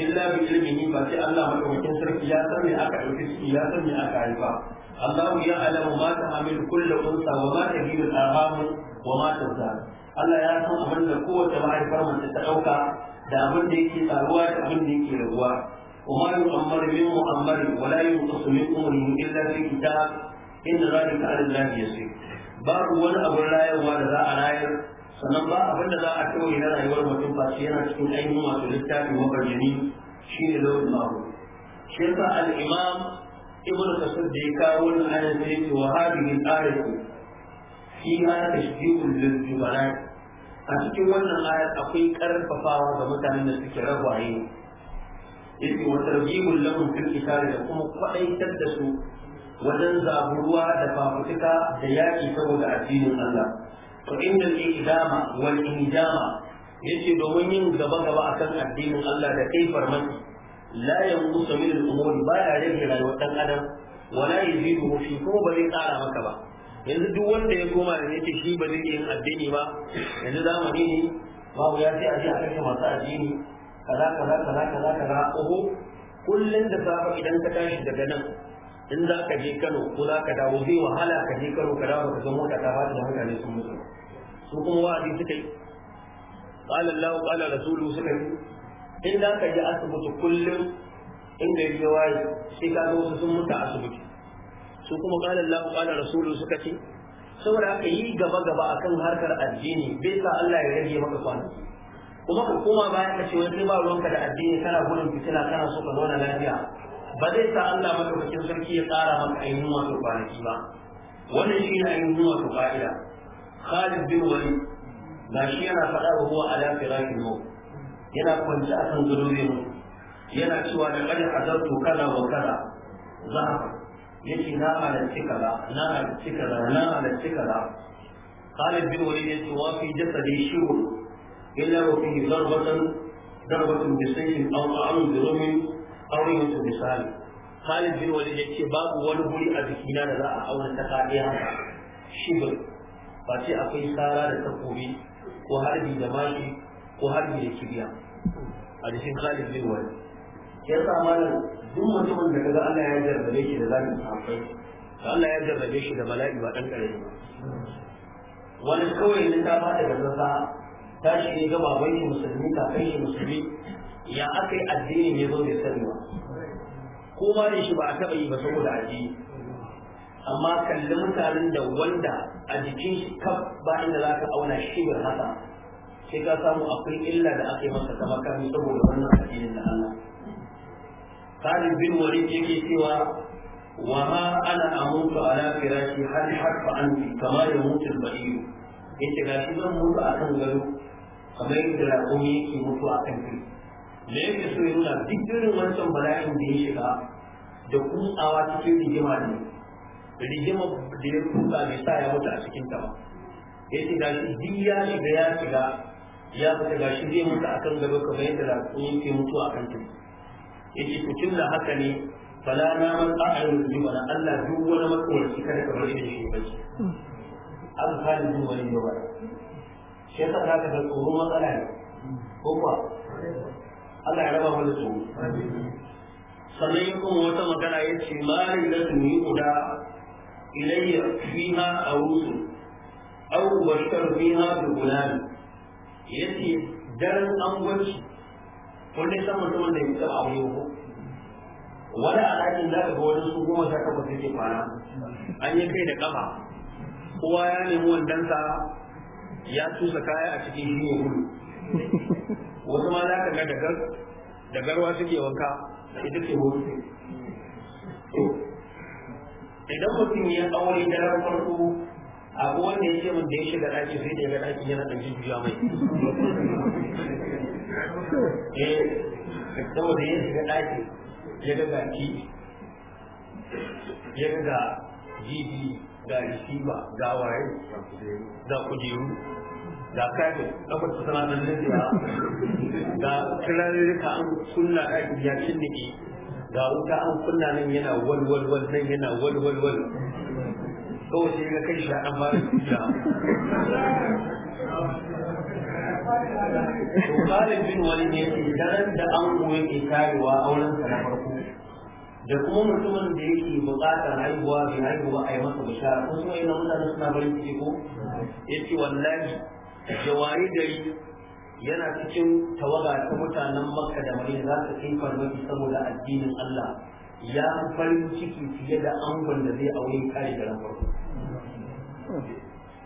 illa bi ilmihi ba sai Allah madaukakin sarki ya san me aka dauki ciki ya san me aka haifa Allah ya kullu unsa wa ma wa Allah ya san abin da kowace mahaifar mace ta ɗauka, da abin da yake tsaruwa da abin da yake rabuwa وما يؤمر من مؤمر ولا ينقص من امره الا في كتاب inda zalika ala Allah yasir babu wani abun rayarwa da za a rayar sannan ba abin da za a kawai na rayuwar mutum ba shi yana cikin ainihin masu littafi mabayyani shine lawul mahu shi yasa al-imam ibn kasir da ya kawo wannan ayar sai ce wa hadhihi al-ayatu fiha tashdidun lil jubalat a cikin wannan ayar akwai karfafawa ga mutanen da suke rabaye yake wa tarjibul lahum fil da kuma kwadaitar da su wajen zaburuwa da fafutuka da yaƙi saboda addinin Allah to inda al-iqdama wal injama yace domin yin gaba gaba akan addinin Allah da kai farmaki la yanqusu min al-umuri ba ya rage rayuwar dan adam wala yazidu fi kuma ba zai ƙara maka ba yanzu duk wanda ya koma da yake shi ba zai yin addini ba yanzu zamani ne babu ya ce a ji a kashe masu addini kaza kaza kaza kaza kaza oho kullum da safa idan ka tashi daga nan in za ka je Kano ko za ka dawo zai wahala ka je Kano ka dawo ka ga mota ta fata da mutane sun mutu su kuma wa'azi suka yi qala Allah qala rasulu suka yi in za ka je asibiti kullum in gari ya waye sai ka ga wasu sun mutu asibiti su kuma qala Allah qala rasulu suka ce saboda ka yi gaba gaba akan harkar addini bai sa Allah ya rage maka kwanaki kuma ka koma bayan ka ce wani ba ruwanka da addini kana gudun fitina kana so ka zauna lafiya ba zai sa Allah madaukakin sarki ya tsara maka ainihin wato kwanaki ba wannan shi ne ainihin wato fa'ida Khalid bin Walid ga shi yana faɗa wa huwa ala firashin mu yana kwance akan gado zai mutu yana cewa da kada azabtu kaza wa kaza za a yace na halarci kaza na halarci kaza na halarci kaza Khalid bin Walid ya ce wa fi jasadi shibr illa wa fihi darbatan darbatan bisayfin aw ta'arun bi rumin auren su misali Khalid bin Walid ya ce babu wani wuri a jikina da za a auna ta kadiya shibir ba ce akwai sara da takobi ko harbi da mashi ko harbi da kibiya a jikin Khalid bin Walid ya sa malam duk mutumin da kaga Allah ya jarrabe shi da zalim sahabbai Allah ya jarrabe shi da bala'i ba dan karami ba wani kawai ne ta da shi ya aka yi addinin ya zo bai sani ba ko ba ne shi ba a taɓa yi ba saboda addini amma kalli mutanen da wanda a jikin shi kaf ba inda za ka auna shibir haka sai ka samu akwai illa da aka yi masa ta makami saboda wannan addinin da Allah Khalid bin Walid yake cewa wa وما انا اموت على فراشي هل حق عني كما يموت البعير yace ga shi zan mutu akan gado kamar yadda raƙumi yake mutu akan kai da yake so ya nuna duk irin wancan bala'in da ya shiga da kutsawa cikin rigima ne rigima da ya kutsa bai sa ya mutu a cikin ta ba ya ce ga shi duk ya shiga ya shiga ya fita ga shi zai mutu akan gaba kamar yadda raƙon yake mutu a kan tudu ya ce tun da haka ne fala na man ƙa'ayin rigima na Allah duk wani matsawarci kada ka bar shi ba shi an fara alhalin wani yawa shi yasa za ka ga tsoro matsala ne ko kuwa Allah ya raba mu da su sannan yi kuma wata magana ya ce malin da su yi guda ilayya fiha a rusu au bashar da guda ne, ya ce daren angwanci wanda ya san mutumin da ya taɓa aure ko wani a ɗakin za ka ga wani su goma sha takwas yake kwana an yi kai da ƙafa kowa ya nemi wandansa ya tusa kaya a cikin shi ya gudu wasu ma za ka ga dagar da garwa suke wanka ita ce hoto idan mutum ya aure da ran farko abu wanda ya ce mun da ya shiga ɗaki sai da ya ga ɗaki yana ɗan jujjuya mai eh saboda ya shiga ɗaki ya ga gaki ya ga jibi ga receiver ga waye ga kujeru ga kafin kafin su sana nan Da ga
kirarrika
an kunna ɗakin ya cinniki ga wuta an kunna nan yana walwalwal nan yana walwalwal kawai sai ga kai shi an fara kuta
Tukalin
bin wani ne ke daren da an koyi ke karewa aurensa na farko da kuma mutumin da yake buƙatar haihuwa bai haihuwa a yi masa bishara ko kuma yana mutane suna farin ciki ko ya ce wallahi jawaye gari yana cikin tawaga ta mutanen makka da mai za su kai farmaki saboda addinin Allah ya farin ciki fiye da angon da zai aure kare garin farko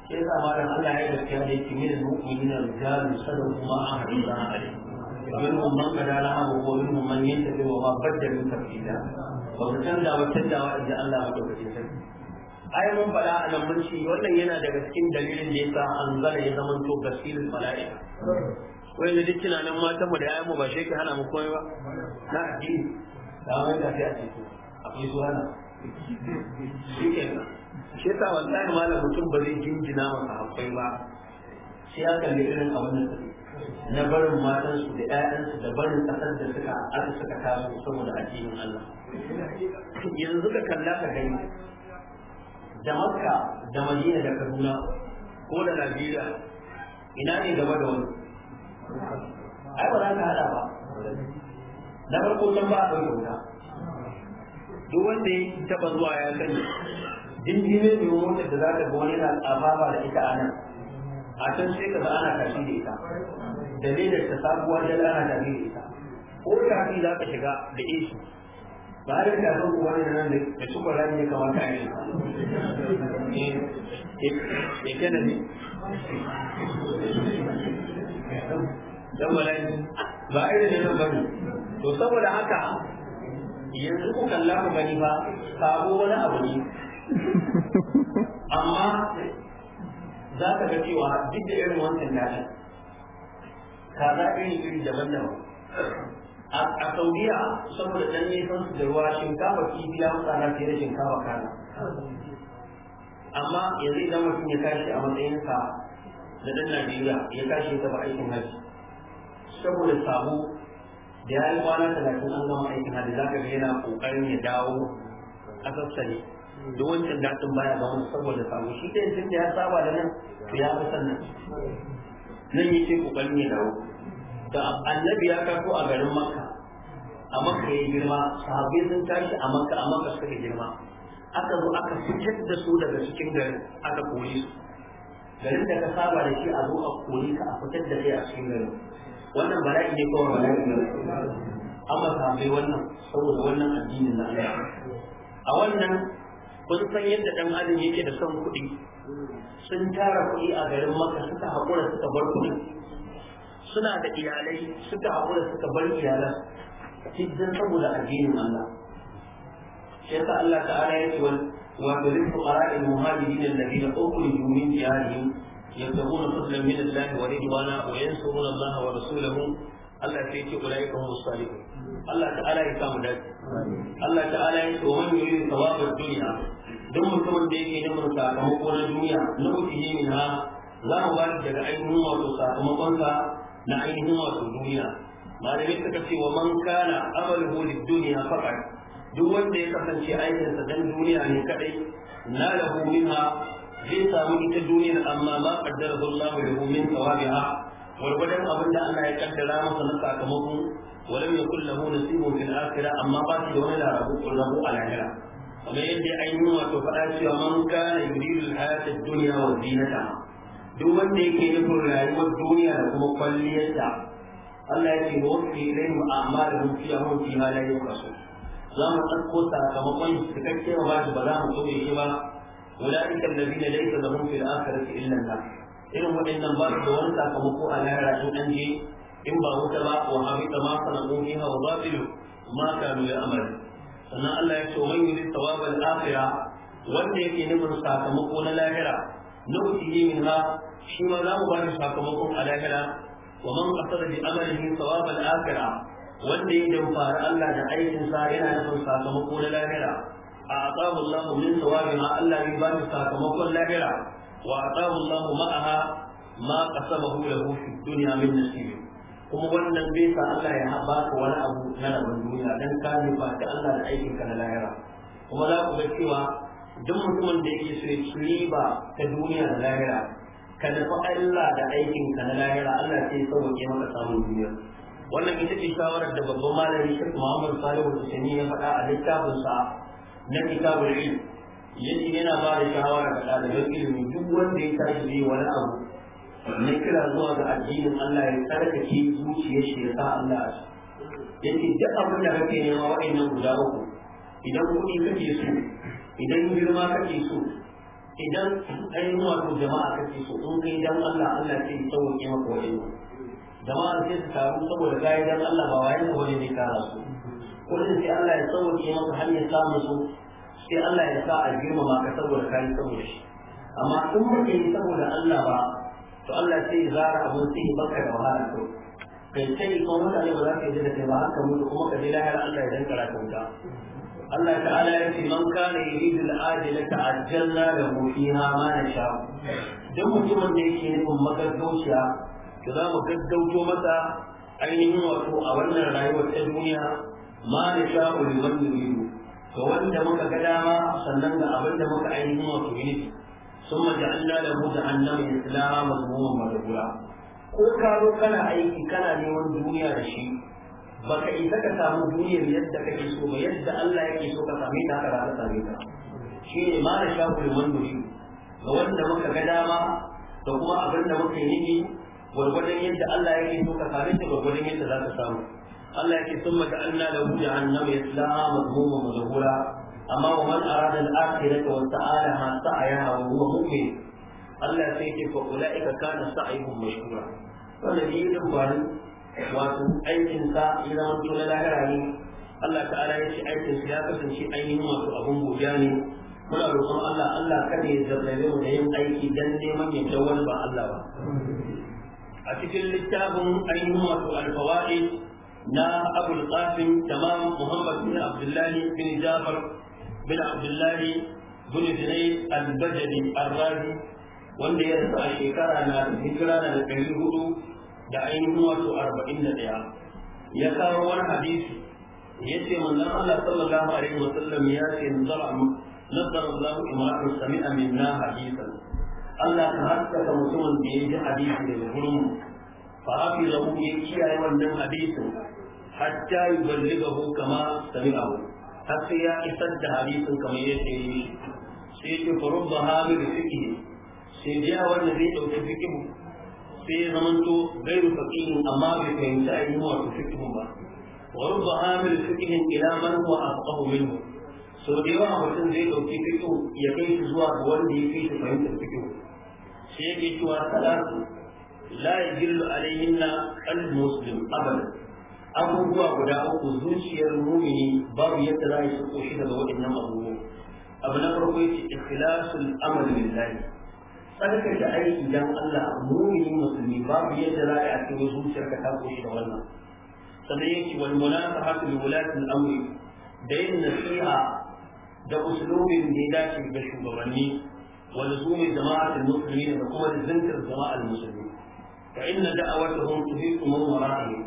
sai sa ma dan Allah ya gaskiya da yake da mu'minin rijalu sadaku ma ahadu da alai zai wa قد لعبه ومنهم من ينتبه وما بدلوا تبديلا ومن تندى وتندى وإذا الله ما تبدل ai mun faɗa a nan mun ce wannan yana daga cikin dalilin da yasa an zala ya zama to gasirin mala'ika wai da duk kina nan matan mu da yayan mu ba shi hana mu komai ba na addini da wani da a ce su hana shi kenan shi ta wallahi malam mutum ba zai jinjina ma sahabbai ba shi ya kalli irin a wannan tafi na barin matansu da 'ya'yansu da barin kasar da suka aka suka taso saboda addinin Allah yanzu ka kalla ka gani da makka da madina da kaduna ko da najeriya ina ne gaba da wani ai ba za ka hada ba na farko can ba a ɗauke wuta duk wanda ya taɓa zuwa ya sani in jini ne wanda da za ka ga wani na tsafafa da ita a nan a can sai ka ga ana kashi da ita da ledar ta sabuwar dala ana tafi da ita ko tafi za ka shiga da isu ba da ta zo kuwa ne nan da su kwara ne kamata a yi ya kana ne dan malai ba a irin nan bane to saboda haka yanzu ku kalla ku gani ba sabo wani abu ne amma za ka ga cewa duk da irin wancan dashi kaza iri iri daban-daban a saudiya saboda dan nisan su da ruwa shinkafa kifi ya tsara fiye da shinkafa kana amma yanzu idan mutum ya kashi a matsayinsa da dan najeriya ya kashi ta ba aikin hajji saboda sabo da ya yi kwana talatin an gama aikin hajji za ka ga yana kokarin ya dawo a ne don wancan daɗin baya ga wani saboda sabo shi ɗaya tun da ya saba da nan to ya fi sannan nan yake kokarin ya dawo da annabi ya taso a garin makka a makka ya girma sahabbai sun tashi a makka a makka suka girma aka zo aka fitar da su daga cikin garin aka kori su garin da ka saba da shi a zo a kori ka a fitar da kai a cikin garin wannan bala'i ne ko bala'i ne amma sahabbai wannan saboda wannan addinin na Allah a wannan kun san yadda dan adam yake da son kuɗi sun tara kuɗi a garin maka suka haƙura suka bar kuɗi suna da iyalai suka haƙura suka bar iyalan hiddan saboda addinin Allah shi yasa Allah ta'ala ya ce wato lil fuqara al muhajirin alladhina ukhriju min diyarihim yabtaguna fadlan min Allah wa ridwana wa yansuruna Allah wa rasulahu Allah sai ce ulaika hum salihun Allah ta'ala ya samu dace Allah ta'ala ya ce man yuridu thawabad dunya duk mutumin da yake nufin sakamako na duniya na mutum ne min ha za mu ba daga ainihin wato sakamakonsa na ainihin wato duniya malami suka ce wa man kana amaluhu lid faqat duk wanda ya kasance aikinsa dan duniya ne kadai na lahu minha zai samu ita duniyar amma ma qaddarahu Allah lahu min thawabiha gwargwadon abin da Allah ya kaddara masa na sakamakon walam yakul lahu nasibun fil akhirah amma ba shi da wani larabu rabu a lahira kamar yadda ainihin wato faɗa cewa man kana yuridu al-hayata ad-dunya wa zinataha duk wanda yake nufin rayuwar duniya da kuma kwalliyarta Allah ya ce ba wasu ke rai mu amma da mun fiya mun fi ma layin kwaso za mu ɗauko sakamakon cikakke ma bashi ba za mu tsoge shi ba wala ikan da bi da laifin da mun fi da aka rufe illan ta irin waɗannan ba su da wani sakamako a nan rayu an je in ba wuta ba wa habi da ma sana mun yi hawa ba su sannan Allah ya ce wani yi tsawabar lafiya wanda yake nufin sakamako na lahira nau'i yi min ha shi ma za mu ba da sakamakon a lahira wa man qasada bi amalihi thawab al akhirah wanda ya damfara Allah da aikin sa yana nufin sakamako na lahira a aqamu Allah min thawabi ma Allah ya ba da sakamakon lahira wa aqamu Allah ma'aha ma qasabahu lahu fi dunya min nasibi kuma wannan bai sa Allah ya haɓa ka wani abu na rabin duniya dan ka ba da Allah da aikin ka na lahira kuma za ku ga cewa duk mutumin da yake so ya ci riba ta duniya da lahira ka nufi Allah da aikinka na lahira Allah sai sauke maka samun duniya wannan ita ce shawarar da babban malami Sheikh Muhammad Salihu Husaini ya faɗa a littafin littafinsa na kitabul ilm yace yana ba da shawara ga ɗaliban ilimi duk wanda ya tashi zai wani abu na kira zuwa ga addinin Allah ya tsarkake zuciyar shi ya sa Allah a shi yace duk abin da kake nema wa'annan guda uku idan kuɗi kake so idan girma kake so idan ai wato jama'a kake so in kai dan Allah Allah sai ya sauke maka wani jama'a sai su taru saboda kai dan Allah ba wani wani ne ka su? kullum sai Allah ya sauke maka ya samu su sai Allah ya sa a girmama ka saboda kai saboda shi amma in baka yi saboda Allah ba to Allah sai ya zara abun sai ya baka da wahala to kai sai kuma mutane ba za su yi da kai ba haka mutu kuma ka ji lahar Allah ya danka rakunta Allah ta'ala ya ce man kana yuridu al-ajila ta'ajjalna lahu fiha ma nasha duk mutumin da yake nufin magaggauciya to za mu gaggauto masa ainihin wato a wannan rayuwar ta duniya ma nasha liman yuridu to wanda muka ga dama sannan ga abin da muka ainihin wato yi ثم da له جهنم يصلاها مذموما مدبورا ko ka zo kana aiki kana neman duniya da shi baka isa ka samu duniyar yadda kake so ba yadda Allah yake so ka same ta haka za ka same ta shi ne ma da shafin wanda shi ga wanda muka ga dama da kuma abin da muka yi ne gwargwadon yadda Allah yake so ka same ta gwargwadon yadda za ka samu Allah yake sun mata Allah da hujja annama ya tsala mazmuma mazahura amma wa man arada al-akhirata wa sa'alaha sa'ayaha wa huwa mu'min Allah sai yake fa ulaika kana sa'ihum mashkura wannan yi da wato aikin sa ya zama to na lahira ne Allah ta'ala ya ce aikin sa ya kasance ainihin wato abun godiya ne muna roƙon Allah Allah kada ya zarrabe mu da yin aiki dan neman yadda wani ba Allah ba a cikin littafin ainihin wato alfawaid na Abu Qasim tamam Muhammad bin Abdullah bin Jafar bin Abdullah bin Zaid al-Bajali al-Razi wanda ya rasu a shekara na hijira na 400 da ainihin wato arba'in da ɗaya ya kawo wani hadisi ya ce manzon Allah sallallahu alaihi wa sallam ya ce nazzar Allah imra'an sami'a minna hadisan Allah ta haskaka mutumin da ya ji hadisi daga gurin fa hafizahu ya kiyaye wannan hadisin hatta yuballighahu kama sami'ahu har sai ya isar da hadisin kamar yadda ya ce. sai ya ce fa rubba hamil fiqhi sai ya wanda zai ɗauki fiqhi sai ya zai gairu faqihin amma bai fahimci yi wato fiqhin ba wa rubba amil fiqhin ila man huwa afqahu minhu so da yawa mutum zai dauki fiqhin ya kai shi zuwa ga wanda ya fi shi fahimtar fiqhin sai yake cewa salatu la yajillu alaihinna qalb muslim abadan abubuwa guda uku zuciyar mumini babu yadda za a yi su koshi daga waɗannan abubuwa abu na farko yake ikhlasul amal lillahi sadaka da aiki dan Allah muni, musulmi babu yadda za a cikin zuciyarka ta koshi da wannan sannan yake wal munasahatu li ulati al-amri da yin nasiha da uslubin da ya dace ga shugabanni wa lusumin jama'atul muslimin da kuma zintar jama'al muslimin fa inna da'awatuhum tuhiqu man wara'ihim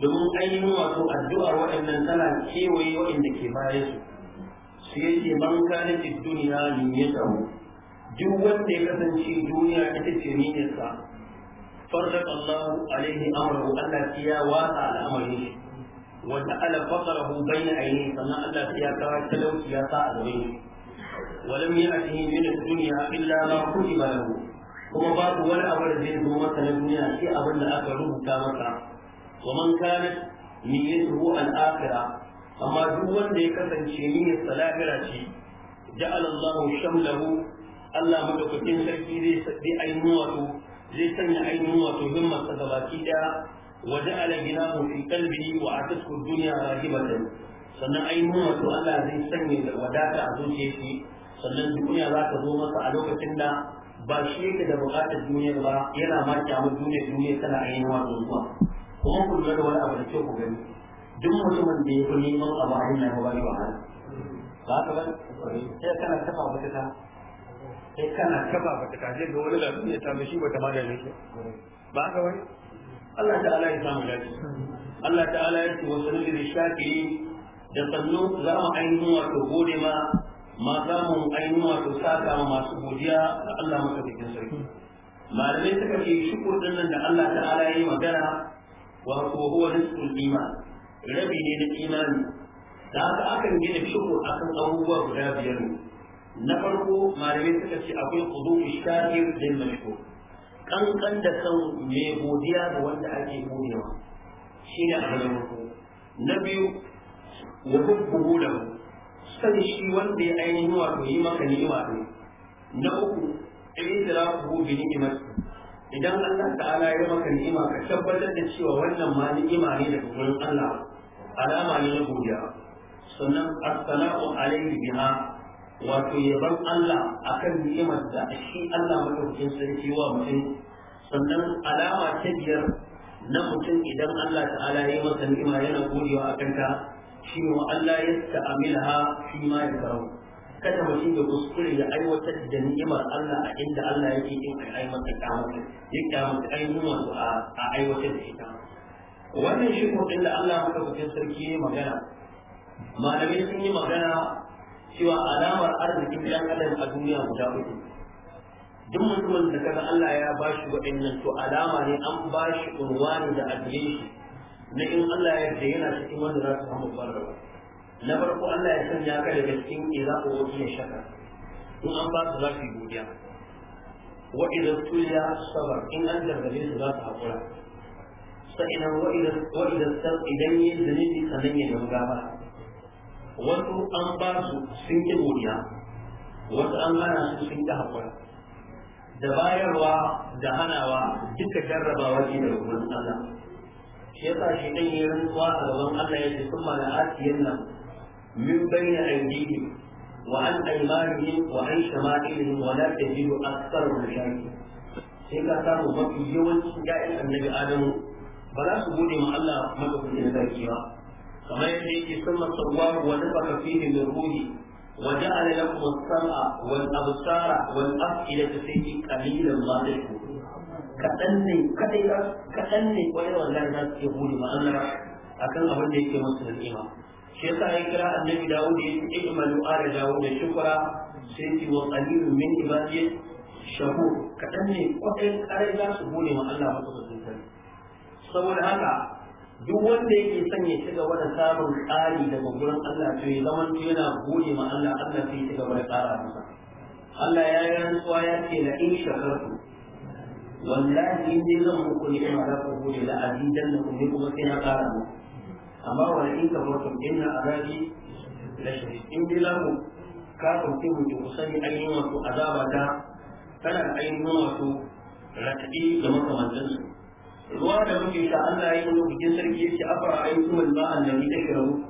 domin ainihin wato addu'ar waɗannan tana kewaye waɗanda ke bayan su su yake man kana fi duniya min duk wanda ya kasance duniya ita ce niyyarsa farraq Allah alaihi amrahu Allah ya wasa al'amari wa ta'ala fasarahu bayna ayni sannan Allah ya kawo talauci ya sa a gaban shi ولم يأته من الدنيا إلا ما كتب له kuma babu wani abu da zai zo masa na duniya sai abin da aka rubuta masa wa man kana niyyatuhu al-akhirah amma duk wanda ya kasance niyyar sa lahira ce ja'ala Allahu shamlahu Allah madaukakin sarki zai sabbi ainihin wato zai sanya ainihin wato himmar sa gabaki daya wa ja'ala ginahu fi qalbihi wa atasku dunya rahibatan sannan ainihin wato Allah zai sanya wadata a zuciyar sannan duniya za ta zo masa a lokacin da ba shi yake da buƙatar duniya ba yana ma kyamar duniyar duniya tana ainihin wato zuwa kuma ku lura da wani abu da kyau ku gani duk mutumin da ya fi neman abu a yin lafiya ba shi wahala ba ka ba sai kana tafa wata ta in kana kaba ba ta kaje ga wani lafiya ya samu shi ba ta magani shi ba haka wani Allah ta'ala ya samu lafiya Allah ta'ala ya ce wasu nufin shaƙi da sannu za mu ainihin wato gode ma ma za mu ainihin wato saka ma masu godiya da Allah maka cikin sarki malamai suka ce shukur din nan da Allah ta'ala ya yi magana wato huwa rizqul iman rabi ne na imani da haka akan gina shukur akan abubuwa guda biyar ne na farko malamai suka ce akwai kudu shakir din mashkur kankan da san me godiya ga wanda ake godewa shi ne a na farko na biyu ya hubbu da san shi wanda ya ainihin wato yi maka ni'ima ne na uku da ku gobe ni'imati idan Allah ta'ala ya maka ni'ima ka tabbatar da cewa wannan ma ni'ima ne daga wurin Allah alama ne na godiya sannan assalamu alaihi biha wato yaban Allah a akan ni'imar da shi Allah madaukakin sarki wa mutum sannan alama ta biyar na mutum idan Allah ta'ala ya yi masa ni'ima yana godewa a kanta, shi ne wa Allah ya ta'amilha fi ma yakarau kada mutum ya kuskure ya aiwatar da ni'imar Allah a inda Allah yake yin ai masa kamata ya kamata ainihin wato a aiwatar da ita wannan shi ko inda Allah madaukakin sarki ya magana malamai sun yi magana cewa alamar arzikin ɗan adam a duniya guda uku duk mutumin da kaga Allah ya ba shi waɗannan to alama ne an ba shi unwani da ajiye shi na in Allah ya yarda yana cikin wanda za su samu barrawa na farko Allah ya sanya ka daga cikin idza uqiya shakar in an ba su za su yi godiya wa idza tuliya sabar in an gargaje su za su haƙura sa'idan wa idza wa idza idan yi zunubi sanan ya gaba wasu an ba su sun ƙi godiya wasu an hana su sun ƙi haƙura da bayarwa da hanawa duka jarrabawa ce da wurin Allah shi sa shi ɗan yi rantsuwa a gaban Allah ya ce sun mala'atiyan nan min bayyana aidihim وعن أيمانهم وعن شمائلهم ولا تجد أكثرهم شاكرين sai ka samu mafi yawancin ya'yan annabi adamu ba za su gode ma Allah madaukakin sarki ba kamar yadda yake summa sawwahu wa nafakha fihi min ruhi wa ja'ala lakum as-sam'a wal absara wal Af'ida, sayyi qalilan ma tashkurun kadan ne kadai kadan ne wani wannan za su yi hudu ma Allah akan abin da yake musu ni'ima shi yasa ya kira annabi Dawud ya ce ibnu ala Dawud shukra sai ki wa qalilun min ibadiyyah shahu kadan ne kwatai kare za su gode ma Allah ba su saboda haka duk wanda yake son ya ci gaba da samun tsari daga gurin Allah to ya zama yana gode ma Allah Allah sai ya ci gaba da ƙara masa Allah ya yi rantsuwa ya ce la in shakartu wallahi in dai zan muku ni ma da ku gode la azidan da kuma kuma sai na ƙara muku amma wala in ka mutum inna azabi la shadid in dai la ku ka kunti mutum sani ainihin wato azaba ta tana ainihin wato raɗaɗi da makamantansu ruwa da muke sha Allah ya yi bikin sarki ya ce afara a yi kuma ba a nan take shirabu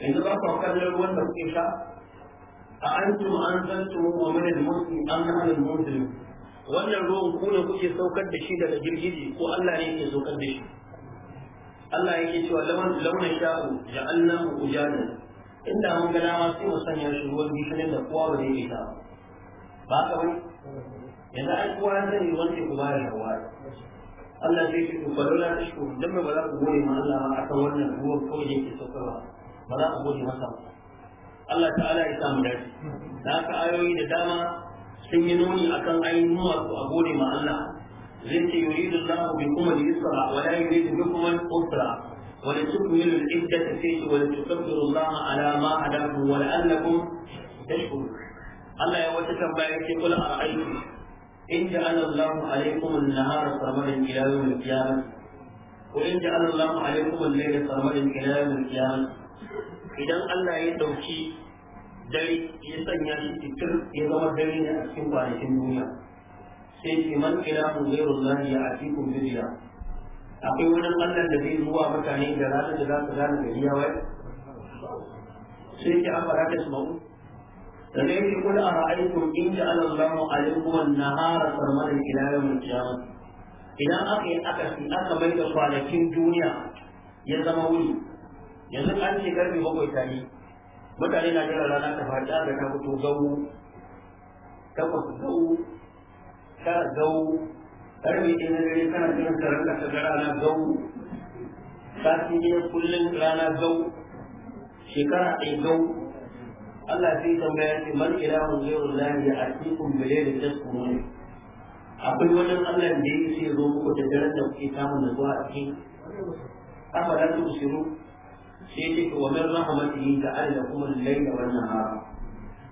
yanzu ba ku kallon ruwan da kuke sha a antum an san tuma wa mana al mutum an hana da wannan ruwan ku ne kuke saukar da shi daga girgiji ko Allah ne yake saukar da shi Allah yake cewa lawan launa sha'u ja'alnahu ujana inda mun ga dama sai mu sanya shi ruwan bishin da kowa ba zai yi ba ba ka wani yanzu an kowa ya sani ruwan teku ba ya shawa Allah zai ce ku balo na tashku dan ba za ku gode ma Allah ba akan wannan ruwan kawai da yake saukarwa ba za ku gode masa Allah ta'ala ya samu dace da haka ayoyi da dama sun yi nuni akan ainihin wasu a gode ma Allah zai ce yuridu Allah kuma al-yusra wa la yuridu bikum al-usra ولتكملوا العدة فيه ولتكبروا الله على ما Allah ya تشكرون الله يوتكم kula a أرأيتم in ja'ala Allahu alaykum an-nahara sarmadan ila yawm al-qiyamah wa in ja'ala Allahu alaykum al-layla sarmadan ila yawm al-qiyamah idan Allah ya dauki dare ya sanya shi titir ya zama dare ne a cikin kwanakin duniya sai ce man ilahu ghayrullahi ya'tikum bidila akwai wani Allah da zai zuwa mutane da ranar da za su gane gari ya wai sai ce an ta sumaru sannan yake kul a ra'aykum in ja'ala Allahu alaykum an-nahara sarmadan ila yawm al-qiyamah idan aka yi aka fi aka bai da kwanakin duniya ya zama wuni yanzu an ce karfe bakwai tani mutane na jira rana ta fada da ta fito gawu takwas gawu tara gawu karfe ɗaya na dare kana jiran sarar da ta ga rana gawu sati ɗaya kullum rana gawu shekara ɗaya gawu Allah sai tambaya ce man ghayru Allah ya atikum bi layli tasmuni akwai wani Allah da yake sai zo muku da daren da kuke samun nutsuwa a cikin afala shiru sai ce wa min rahmatihi ta'ala lakum kuma layla wa nahar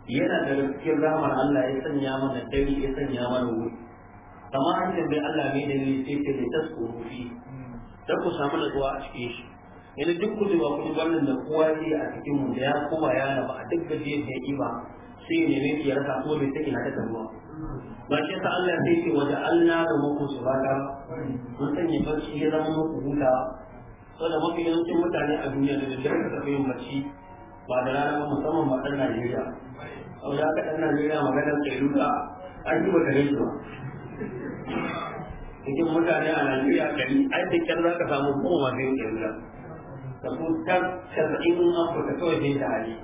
yana da cikin rahmar Allah ya sanya mana dare ya sanya mana wuri kamar an tambayi Allah mai ne sai ce da tasmuni fi ku samu nutsuwa a cikin shi yana duk ba kudi wannan da kowa ke a cikin mu da ya koma ya raba a duk gajiyar da yi ba sai ya nemi ya rasa ko ne take na ta zuwa. ba shi sa Allah sai ke waje Allah da muku ka, mun sanya shi ya zama muku huta saboda mafi yawancin mutane a duniya da duk da tafi yin bacci, ba da rana ba musamman ba dan Najeriya sau da aka ɗan Najeriya maganar duka an yi ba gare su cikin mutane a Najeriya ɗari an da kyan za ka samu ma masu yin ƙailuka da kusan casa'in an furta kawai bai da hali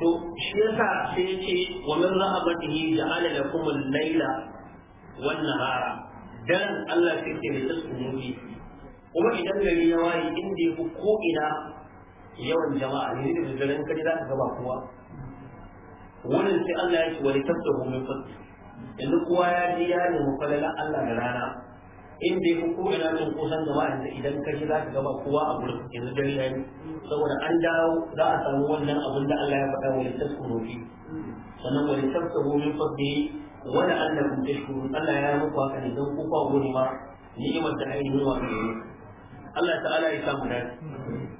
to shi yasa sai ce wa min ra'abatihi ja'ala lakum al-laila wan nahara dan Allah sai ce da sunubi kuma idan gari ya waye inda yafi ko ina yawan jama'a ne da daren kaji za ka gaba kowa wannan sai Allah ya ce wa litabtahu min fadli yanzu kowa ya ji ya nemi falalar Allah da rana inda ya fi ko ina cin kusan jama'a yanzu idan ka za ka gaba kowa a gurin yanzu dare ya yi saboda an dawo za a samu wannan abin da Allah ya faɗa wani taskuro fi sannan wani taskuro min fadli wani Allah kun tashkuru Allah ya muku haka ne don kuka gurin ma ni'imar da ainihin wa ne Allah ta'ala ya samu dace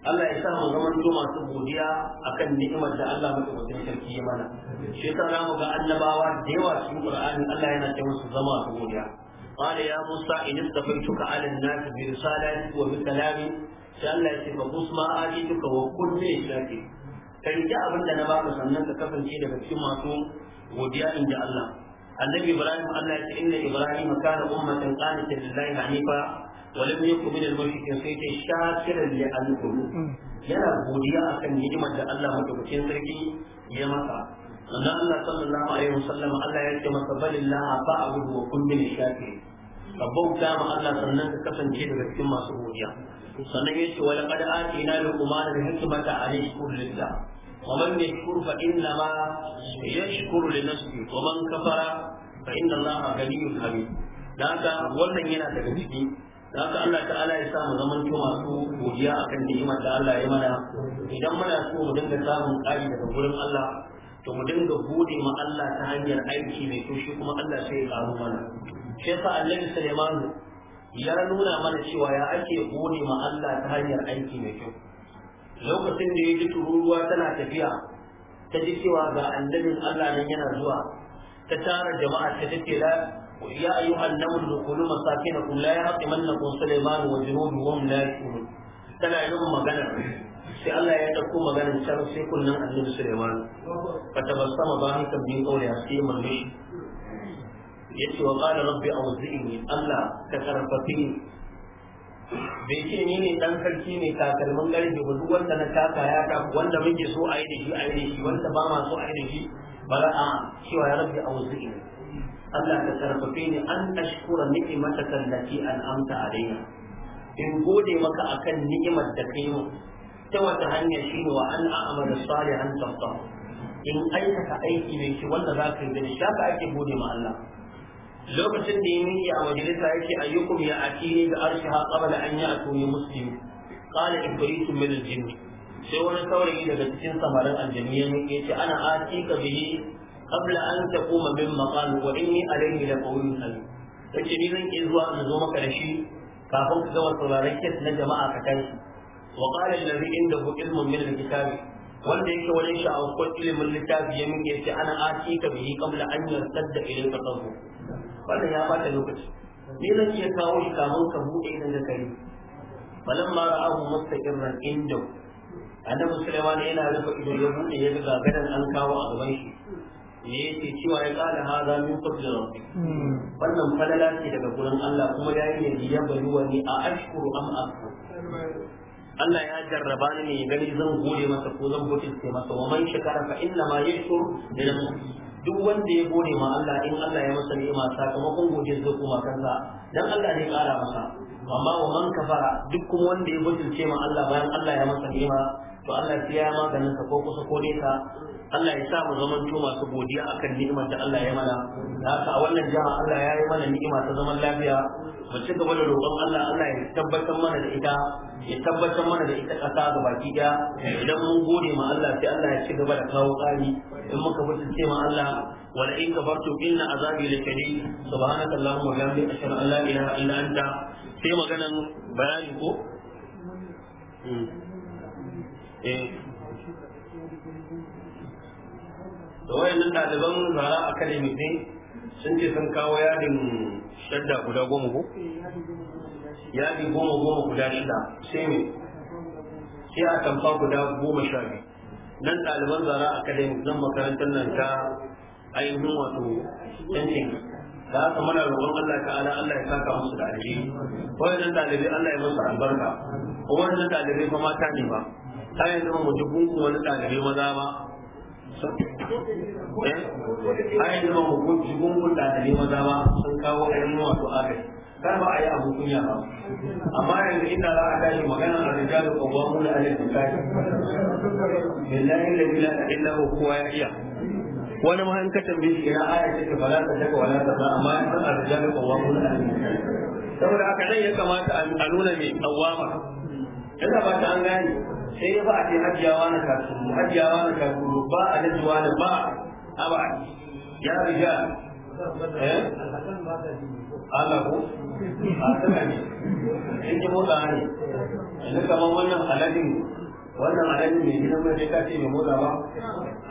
Allah ya samu zaman zama to masu godiya akan ni'imar da Allah madaukakin sarki ya mana shi yasa zamu ga annabawa da yawa cikin Qur'ani Allah yana ce musu zama su godiya قال يا موسى إن استفدتك على الناس برسالتي وبكلامي سأل الله فقص ما آتيتك وكل إسلامي كرجاء أبدا نباك سنن كفن شيء لك كما godiya in ji Allah annabi ibrahim Allah ya inna ibrahim kana ummatan qanitan lillahi hanifa wa lam yakun min al-mushrikin sai ta shakiran li al-qulu yana godiya akan ni'imar da Allah madaukakin sarki ya masa annabi Allah sallallahu alaihi wasallam Allah ya ce masa balillahi a wa kun ka bauta ma Allah sannan ka kasance daga cikin masu godiya sannan ya ce wala qad atina luqmana da hikmata alayhi kullillah wa man yashkur fa inna ma yashkuru li nafsihi wa man kafara fa inna Allah ghaniyyun hamid dan haka wannan yana daga ciki dan haka Allah ta'ala ya sa mu zaman to masu godiya akan ni'imar da Allah ya mana idan muna so mu dinga samun ƙari daga gurin Allah to mu dinga gode ma Allah ta hanyar aiki mai to shi kuma Allah sai ya karu mana shi yasa annabi Sulaiman ya nuna mana cewa ya ake gode ma Allah ta hanyar aiki mai kyau lokacin da ya ji tururuwa tana tafiya ta ji cewa ga annabin Allah nan yana zuwa ta tara jama'a ta take la ya ayyuhan namu dukulu masakinakum la yahqimannakum Sulaiman wa junuduhum la yashurun tana yin magana sai Allah ya dauko maganar can sai kunnan annabi Sulaiman fa tabassama bahikan min qawli asiyman yace wa qala rabbi awzi'ni Allah ka karfafi ni bai ce ni ne dan sarki ne takalmin garbi ba duk wanda na taka ya ta wanda muke so a yi da shi a yi da shi wanda ba ma so a yi da shi ba a cewa ya rabbi awzi'ni Allah ka karfafe ni an ashkura ni'mataka allati an'amta alayya in gode maka akan ni'imar da kai min ta wata hanya shine wa an a'amala salihan tafsir in aikata aiki ne shi wanda za ka yi da shi ake gode ma Allah lokacin da ya miƙe a majalisa yake ayyukum ya atini bi arshiha qabla an ya'tu bi muslim qala ibritu min al-jinn sai wani saurayi daga cikin samarin aljanni ya miƙe yace ana atika bihi qabla an taquma min maqam wa inni alayhi la qawiyyun alim yace ni zan iya zuwa in zo maka da shi kafin ka gama sauraron kit na jama'a ka tashi wa qala alladhi indahu ilmun min al-kitab wanda yake wani sha'awar ilimin littafi ya miƙe yace ana atika bihi qabla an yasadda ilayka qawlu wannan ya bata lokaci me zan iya kawo shi kamun ka buɗe idan da kai balan ma ra'ahu mustaqirran inda annabi sulaiman yana rufe ido ya buɗe ya ga gadan an kawo a gaban shi me yake cewa ya kala hada min fadli rabbi hmm. wannan falala ce daga gurin Allah kuma yayi ne ya bari wani a ashkuru am akfur Allah ya jarraba ni ne gani zan gode masa ko zan gode masa wa man shakara fa inna ma yashkur lil mu'min duk wanda ya gode ma Allah in Allah ya masa ni'ima sakamakon godiyar zai kuma kansa dan Allah ne kara masa amma wa man kafara duk kuma wanda ya butulce ma Allah bayan Allah ya masa ni'ima to Allah sai ya maganin sa ko kusa ko nesa Allah ya sa mu zaman to masu godiya akan ni'imar da Allah ya mana haka a wannan jiha Allah ya yi mana ni'ima ta zaman lafiya mu ci gaba da roƙon Allah Allah ya tabbatar mana da ita ya tabbatar mana da ita ƙasa ga baki ɗaya idan mun gode ma Allah sai Allah ya ci gaba da kawo ƙari in muka ce ma Allah wala in kafartu inna azabi lakadid subhanaka allahumma wa bihamdika ashhadu an la ilaha illa anta sai maganan bayani ko hmm. eh
da wayannan ɗaliban zara academy din sun
ce sun kawo yadin shadda guda goma ko yadi goma goma guda shida sai me sai a tamfa guda goma sha biyu nan ɗaliban zara academy zan makarantar nan ta ainihin wato yancin da haka mana roƙon Allah ala Allah ya saka musu da alheri wayannan ɗalibai Allah ya musu albarka wayannan ɗalibai ba mata ne ba ta zama mu ji gungun wani ɗalibai maza ba Eh? ai da hukunci gungun ɗalibai maza ba sun kawo ainihin wato akai da ba a yi abu kunya ba amma yanzu inda za a tashi magana a rijalu qawwamu la alal nisa'i billahi da la da illa ko kowa ya iya wani ma in ka tambaye shi ina aya ta daka wala ta ba amma in san rijalu qawwamu la da nisa'i saboda haka nan ya kamata a nuna mai tsawama. yana ba ta an gane sai ya ba a ce hajjawa na kasuru hajjawa na kasuru ba a najuwa da ba a ba ya rija eh Allah ko a tana ne in ji motsa ne yanzu kamar wannan aladin wannan alhaji mai gidan mai ka ce mai motsa ba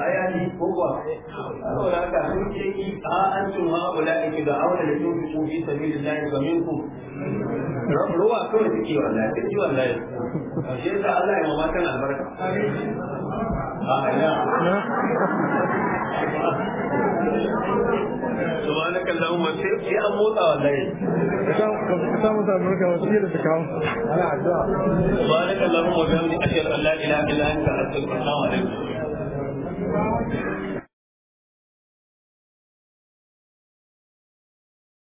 ayani ko ba saboda haka sun ce ki a an tun ma ula ki ga aure da tun ku fi sabilillahi ga minku ruwa kawai suke wallahi suke layi shi yasa Allah ya mamatan albarka
a ina سبحانك
اللهم وبحمدك في اموت او ليل
كتاب تبارك وتعالى سبحانك اللهم وبحمدك اشهد ان لا اله الا انت استغفرك واتوب اليك